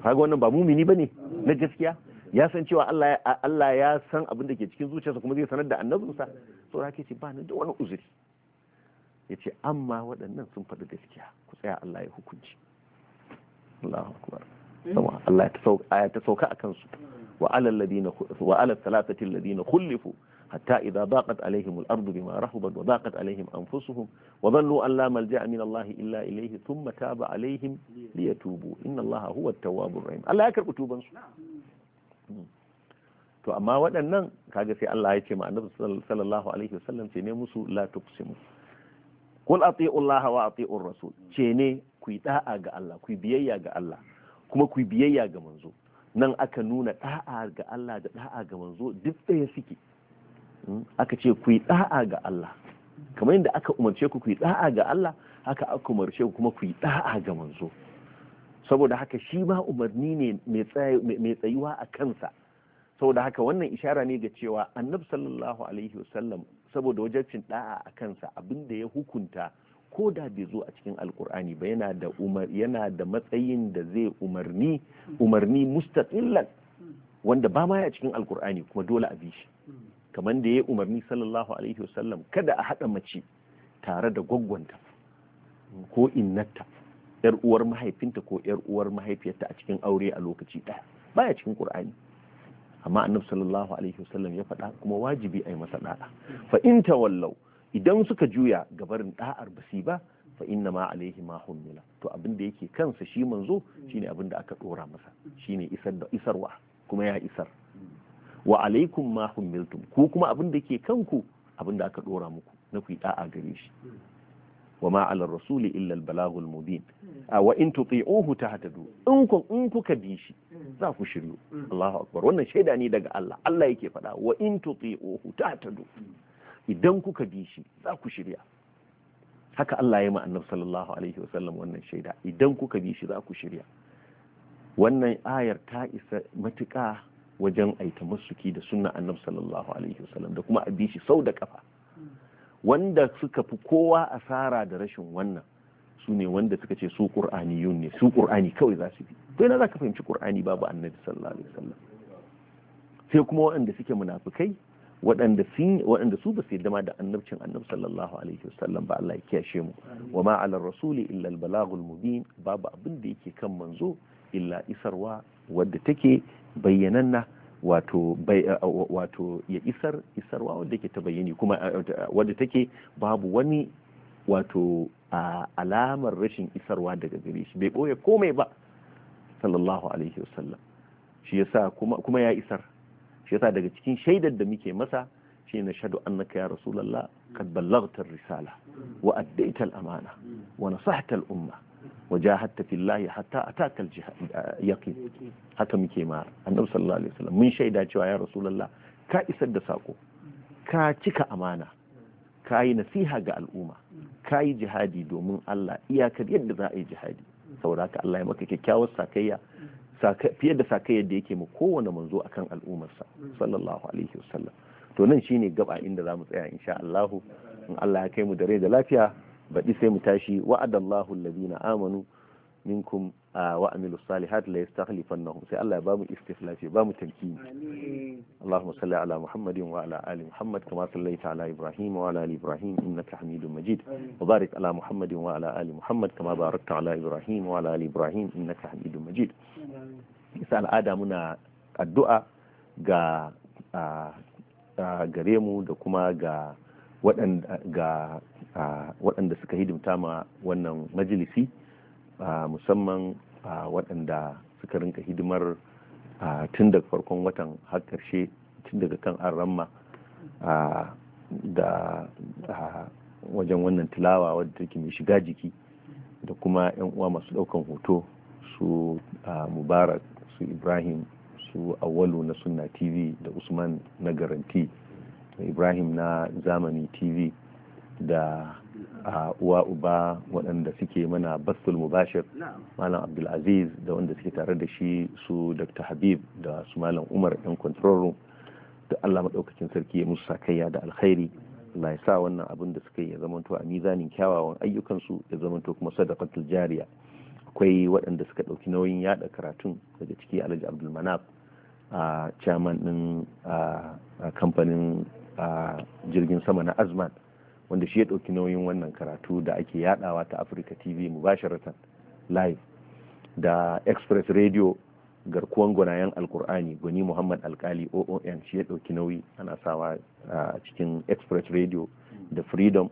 A: kaga wannan ba mumini bane na gaskiya ya san cewa Allah Allah ya san abin da ke cikin zuciyarsa kuma zai sanar da annabinsa to da ce ba ni da wani uzuri yace amma waɗannan sun faɗi gaskiya ku tsaya Allah ya hukunci Allahu akbar hmm. Allah ya ta sauka akan su وعلى الذين وعلى الثلاثة الذين خلفوا حتى إذا ضاقت عليهم الأرض بما رحبت وضاقت عليهم أنفسهم وظنوا أن لا ملجأ من الله إلا إليه ثم تاب عليهم ليتوبوا إن الله هو التواب الرحيم الله يكرب توبا to amma waɗannan kaga sai Allah ya ce ma annabi sallallahu alaihi wasallam ce ne musu la tuqsimu qul ati'u Allah wa ati'u rasul ce ne ku yi da'a ga Allah ku biyayya ga Allah kuma ku biyayya ga manzo nan aka nuna da'a ga Allah da da'a ga manzo duk ɗaya suke hmm? aka ce ku yi da'a ga Allah kamar yadda aka umarce ku ku yi da'a ga Allah haka aka umarce ku kuma ku yi da'a ga manzo saboda haka shi ma umarni ne mai tsayuwa a kansa saboda haka wannan ishara ne ga cewa annabi sallallahu alaihi wasallam saboda wajabcin da'a a kansa abin da ya hukunta ko da bai zo a cikin alkur'ani ba yana da umar yana da matsayin da zai umarni umarni mustaqillan wanda ba ma ya cikin alkur'ani kuma dole a bi shi kamar da ya umarni sallallahu alaihi wasallam kada a haɗa mace tare da gwaggwanta ko innata yar uwar mahaifinta ko yar uwar mahaifiyarta a cikin aure a lokaci ɗaya baya cikin qur'ani amma annabi sallallahu alaihi wasallam ya faɗa kuma wajibi a yi masa ɗaɗa fa in tawallau idan suka juya gabarin da'ar basi ba fa inna ma alaihi ma hummila to abin da yake kansa shi manzo shine abin da aka dora masa shine isar da isarwa kuma ya isar wa alaikum ma hummiltum Ko kuma abin da yake kanku abin da aka dora muku na ku da'a gare shi wa ma ala rasuli illa al balagul mubin wa in tuti'uhu tahtadu in ku in kuka bi shi za ku shiryu Allahu akbar wannan shaida ne daga Allah Allah yake faɗa wa in tuti'uhu tahtadu idan kuka bi shi za ku shirya haka Allah ya ma'anar sallallahu alaihi wasallam wannan shaida idan kuka bi shi za ku shirya wannan ayar ta isa matuƙa wajen aita masuki da sunna annabi sallallahu alaihi wasallam da kuma a bi shi sau da kafa wanda suka fi kowa asara da rashin wannan su ne wanda suka ce su qur'ani yun ne su qur'ani kawai za su bi bai na za ka fahimci qur'ani babu annabi sallallahu alaihi wasallam sai kuma waɗanda suke munafukai. waɗanda sun waɗanda su ba su yadda da annabcin annabi sallallahu alaihi wasallam ba Allah ya kiyashe mu wa ma ala rasuli illa al balagul mubin babu abin da yake kan manzo illa isarwa wadda take bayyananna wato wato ya isar isarwa wadda ke ta bayyani kuma wadda take babu wani wato alamar rashin isarwa daga gare shi bai ɓoye komai ba sallallahu alaihi wasallam shi yasa kuma ya isar shi yasa daga cikin shaidar da muke masa shi na shaɗu annaka ya rasulallah kad ballagtar risala wa addaital amana wa nasahta umma wa jahadta fillahi hatta ataka yaqin haka muke ma annabi sallallahu alaihi wasallam mun shaida cewa ya rasulallah ka isar da sako ka cika amana ka yi nasiha ga al'umma ka yi jihadi domin Allah iyakar yadda za a yi jihadi saboda haka Allah ya maka kyakkyawar sakayya fiye da sakayyar yadda yake mu kowane manzo akan al'ummarsa sallallahu alaihi wasallam to nan shine gaba inda zamu tsaya insha Allah in Allah ya kai mu dare da lafiya baɗi sai mu tashi wa'adallahu na amanu minkum wa amilu salihat la yastakhlifannahum sai Allah ya bamu ba mu tamkini Allahumma salli ala Muhammadin wa ala ali Muhammad kama sallaita ala Ibrahim wa ala ali Ibrahim innaka Hamidum Majid wa barik ala Muhammadin wa ala ali Muhammad kama barakta ala Ibrahim wa ala ali Ibrahim innaka Hamidum Majid isa al'ada muna addu'a ga gare mu da kuma ga waɗanda suka hidimta ma wannan majalisi musamman waɗanda suka rinka hidimar tun daga farkon watan har ƙarshe tun daga kan arramma da wajen wannan tilawa wadda take mai shiga jiki da kuma 'yan uwa masu ɗaukan hoto su mubarak su ibrahim su awalu na sunna tv da usman na garanti ibrahim na zamani tv da a uwa uba waɗanda suke mana bastul mubashir malam abdulaziz da wanda suke tare da shi su dr habib da su malam umar yan control room da allah maɗaukacin sarki ya musu sakayya da alkhairi allah ya sa wannan abin da suka yi ya zamanto a mizanin kyawawan ayyukansu ya zamanto kuma sadaqatul jariya akwai waɗanda suka ɗauki nauyin yaɗa karatun daga ciki alhaji abdulmanaf a chairman ɗin kamfanin jirgin sama na azman wanda shi ya ɗauki nauyin wannan karatu da ake yaɗawa ta Africa TV mubasharatan live da Express Radio garkuwan gwanayen alkur'ani gwani muhammad alkali oon shi ya ɗauki nauyi ana sawa a cikin express radio da freedom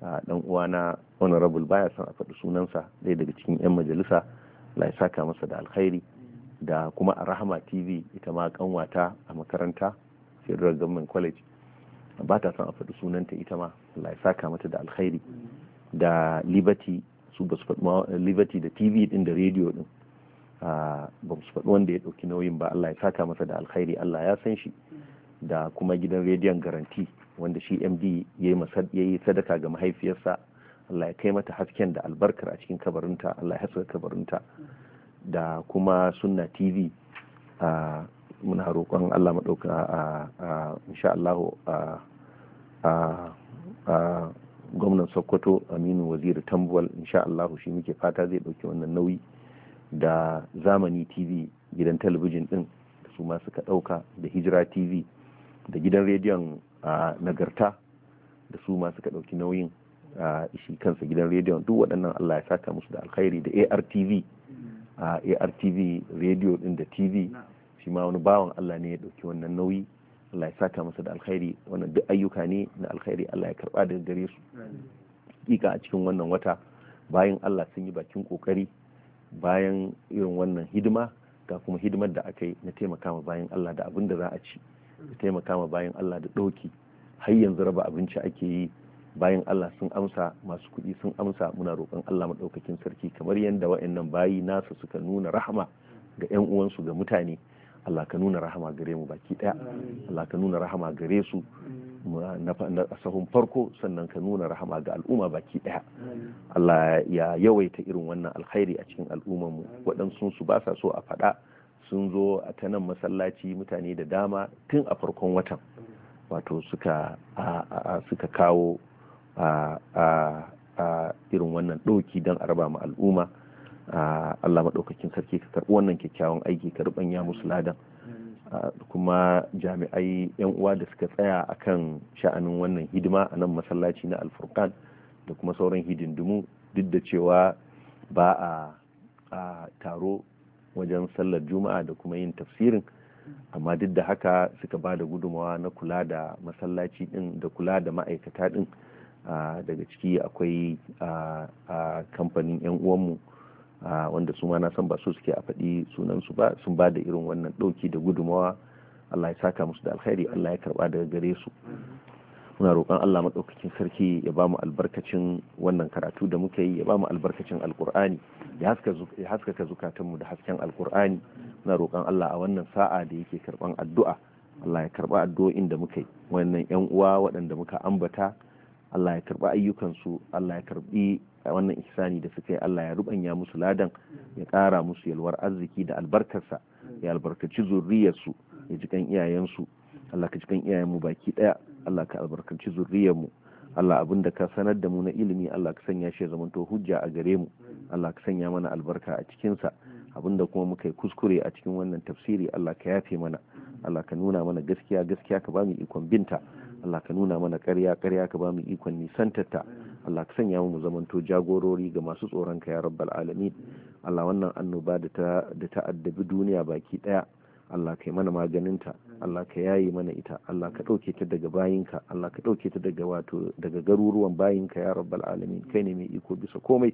A: dan uwana honorable baya son a faɗi sunansa ɗaya daga cikin 'yan majalisa la saka masa da alkhairi da kuma a rahama tv ita ma kanwata a makaranta federal government college ba ta son a faɗi sunanta ita ma Allah ya saka mata da alkhairi da liberty su ba su liberty da tv din da radio din ba su faɗi wanda ya ɗauki nauyin ba Allah ya saka masa da alkhairi Allah ya san shi da kuma gidan rediyon garanti wanda shi md ya yi sadaka ga mahaifiyarsa Allah ya kai mata hasken da albarkar a cikin kabarinta Allah ya saka kabarinta da kuma sunna tv a muna roƙon Allah maɗauka a insha Allah a a gwamnan sokoto aminu waziri tambuwal insha Allah shi muke fata zai ɗauki wannan nauyi da zamani tv gidan talabijin ɗin da su ma suka ɗauka da hijira tv da gidan rediyon nagarta da su ma suka ɗauki nauyin shi kansa gidan rediyon duk waɗannan Allah ya saka musu da alkhairi da ARTV a ARTV rediyo ɗin da TV shi ma wani bawan Allah ne ya ɗauki wannan nauyi Allah ya saka masa da alkhairi wannan duk ayyuka ne na alkhairi Allah ya karba daga gare su kika a cikin wannan wata bayan Allah sun yi bakin kokari bayan irin wannan hidima ga kuma hidimar da aka yi na taimaka bayan Allah da abin da za a ci da taimaka bayan Allah da ɗauki har yanzu raba abinci ake yi bayan Allah sun amsa masu kuɗi sun amsa muna roƙon Allah maɗaukakin sarki kamar yadda wa'annan bayi nasu suka nuna rahama ga 'yan uwansu ga mutane Allah ka nuna rahama gare mu baki daya Allah ka nuna rahama gare su na sahun farko sannan ka nuna rahama ga al'umma baki ɗaya. Allah ya yawaita irin wannan alkhairi a cikin al'ummar mu waɗansu su ba sa so a faɗa sun zo a ta nan masallaci mutane da dama tun a farkon watan wato suka suka kawo a irin wannan ɗauki don a raba ma al'umma Allah maɗaukakin sarki ka karɓi wannan kyakkyawan aiki ka rubanya musu ladan kuma jami'ai yan uwa da suka tsaya a kan sha'anin wannan hidima a nan masallaci na alfurkan da kuma sauran hidindimu duk da cewa ba a taro wajen sallar juma'a da kuma yin tafsirin amma duk da haka suka ba da gudunmawa na kula da masallaci din da kula da ma'aikata din daga ciki akwai kamfanin 'yan uwanmu wanda su ma na san ba su suke a faɗi sunansu ba sun ba da irin wannan ɗauki da gudumawa Allah ya saka musu da alkhairi Allah ya karba daga gare su muna roƙon Allah maɗaukakin sarki ya ba mu albarkacin wannan karatu da muka yi ya ba mu albarkacin alƙur'ani ya haskaka zukatanmu da hasken alƙur'ani muna roƙon Allah a wannan sa'a da yake karɓan addu'a Allah ya karɓa addu'o'in da muka yi wannan 'yan uwa waɗanda muka ambata Allah ya karɓi ayyukansu Allah ya karɓi a wannan ihsani da suka yi Allah ya rubanya musu ladan ya kara musu yalwar arziki da albarkarsa ya albarkaci zurriyarsu ya ji kan iyayensu Allah ka ji kan iyayenmu baki daya Allah ka albarkaci zurriyarmu Allah abin da ka sanar da mu na ilimi Allah ka sanya shi ya zamanta hujja a gare mu Allah ka sanya mana albarka a cikinsa abin da kuma muka yi kuskure a cikin wannan tafsiri Allah ka yafe mana Allah ka nuna mana gaskiya gaskiya ka ba mu ikon binta Allah ka nuna mana ƙarya ƙarya ka ba mu ikon nisantarta Allah ka sanya mu zamanto jagorori ga masu tsoron ka ya rabbal alamin Allah wannan annoba da ta addabi duniya baki daya Allah kai yi mana maganinta Allah ka yayi mana ita Allah ka ɗauke ta daga bayinka Allah ka ɗauke ta daga wato daga garuruwan bayinka ya rabbal alamin kai ne mai iko bisa komai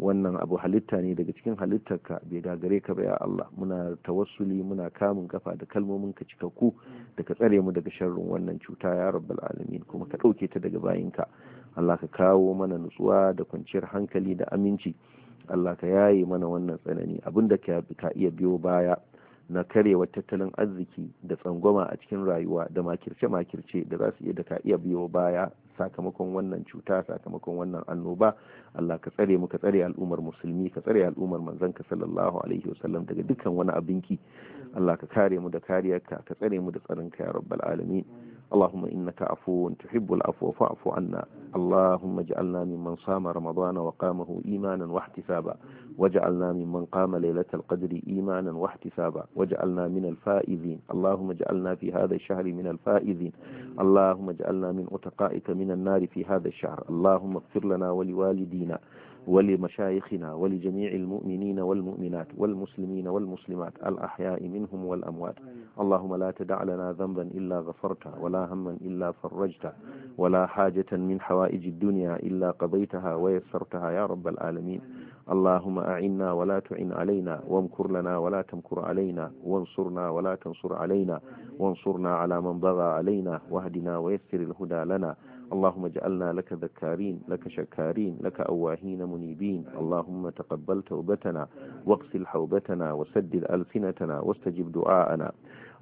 A: wannan abu halitta ne daga cikin halittarka bai gagare ka ba ya Allah muna tawassuli muna kamun kafa da kalmomin ka cikakku da ka tsare mu daga sharrin wannan cuta ya rabbal alamin kuma ka ɗauke ta daga bayinka Allah ka kawo mana nutsuwa da kwanciyar hankali da aminci Allah ka yaye mana wannan tsanani abin da ka iya biyo baya na karewa tattalin arziki da tsangwama a cikin rayuwa da makirce-makirce da za su iya da ka iya biyo baya sakamakon wannan cuta sakamakon wannan annoba Allah ka tsare mu ka tsare al'ummar musulmi ka tsare al'ummar manzon ka sallallahu alaihi wasallam daga dukkan wani abinki Allah ka kare mu da kariyarka ka tsare mu da tsarinka ya rabbal alamin اللهم إنك عفو تحب العفو فاعف عنا اللهم اجعلنا ممن صام رمضان وقامه إيمانا واحتسابا واجعلنا ممن قام ليلة القدر إيمانا واحتسابا واجعلنا من الفائزين اللهم اجعلنا في هذا الشهر من الفائزين اللهم اجعلنا من أتقائك من النار في هذا الشهر اللهم اغفر لنا ولوالدينا ولمشايخنا ولجميع المؤمنين والمؤمنات والمسلمين والمسلمات الأحياء منهم والأموات اللهم لا تدع لنا ذنبا إلا غفرته ولا هما إلا فرجته ولا حاجة من حوائج الدنيا إلا قضيتها ويسرتها يا رب العالمين اللهم أعنا ولا تعن علينا وامكر لنا ولا تمكر علينا وانصرنا ولا تنصر علينا وانصرنا على من بغى علينا واهدنا ويسر الهدى لنا اللهم اجعلنا لك ذكارين لك شكارين لك أواهين منيبين اللهم تقبل توبتنا واغسل حوبتنا وسدد ألسنتنا واستجب دعاءنا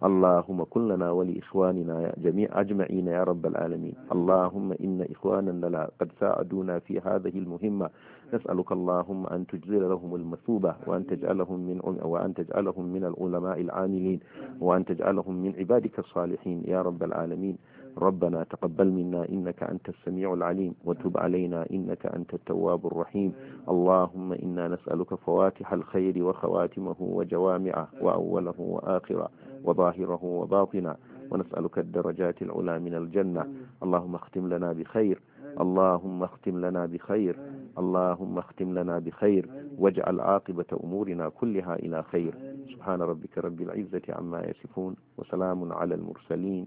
A: اللهم كن لنا ولإخواننا جميع أجمعين يا رب العالمين اللهم إن إخواننا لنا قد ساعدونا في هذه المهمة نسألك اللهم أن تجزل لهم المثوبة وأن تجعلهم من وأن تجعلهم من العلماء العاملين وأن تجعلهم من عبادك الصالحين يا رب العالمين ربنا تقبل منا إنك أنت السميع العليم وتب علينا إنك أنت التواب الرحيم اللهم إنا نسألك فواتح الخير وخواتمه وجوامعه وأوله وآخره وظاهره وباطنه ونسألك الدرجات العلى من الجنة اللهم اختم لنا بخير اللهم اختم لنا بخير اللهم اختم لنا بخير واجعل عاقبة أمورنا كلها إلى خير سبحان ربك رب العزة عما يصفون وسلام على المرسلين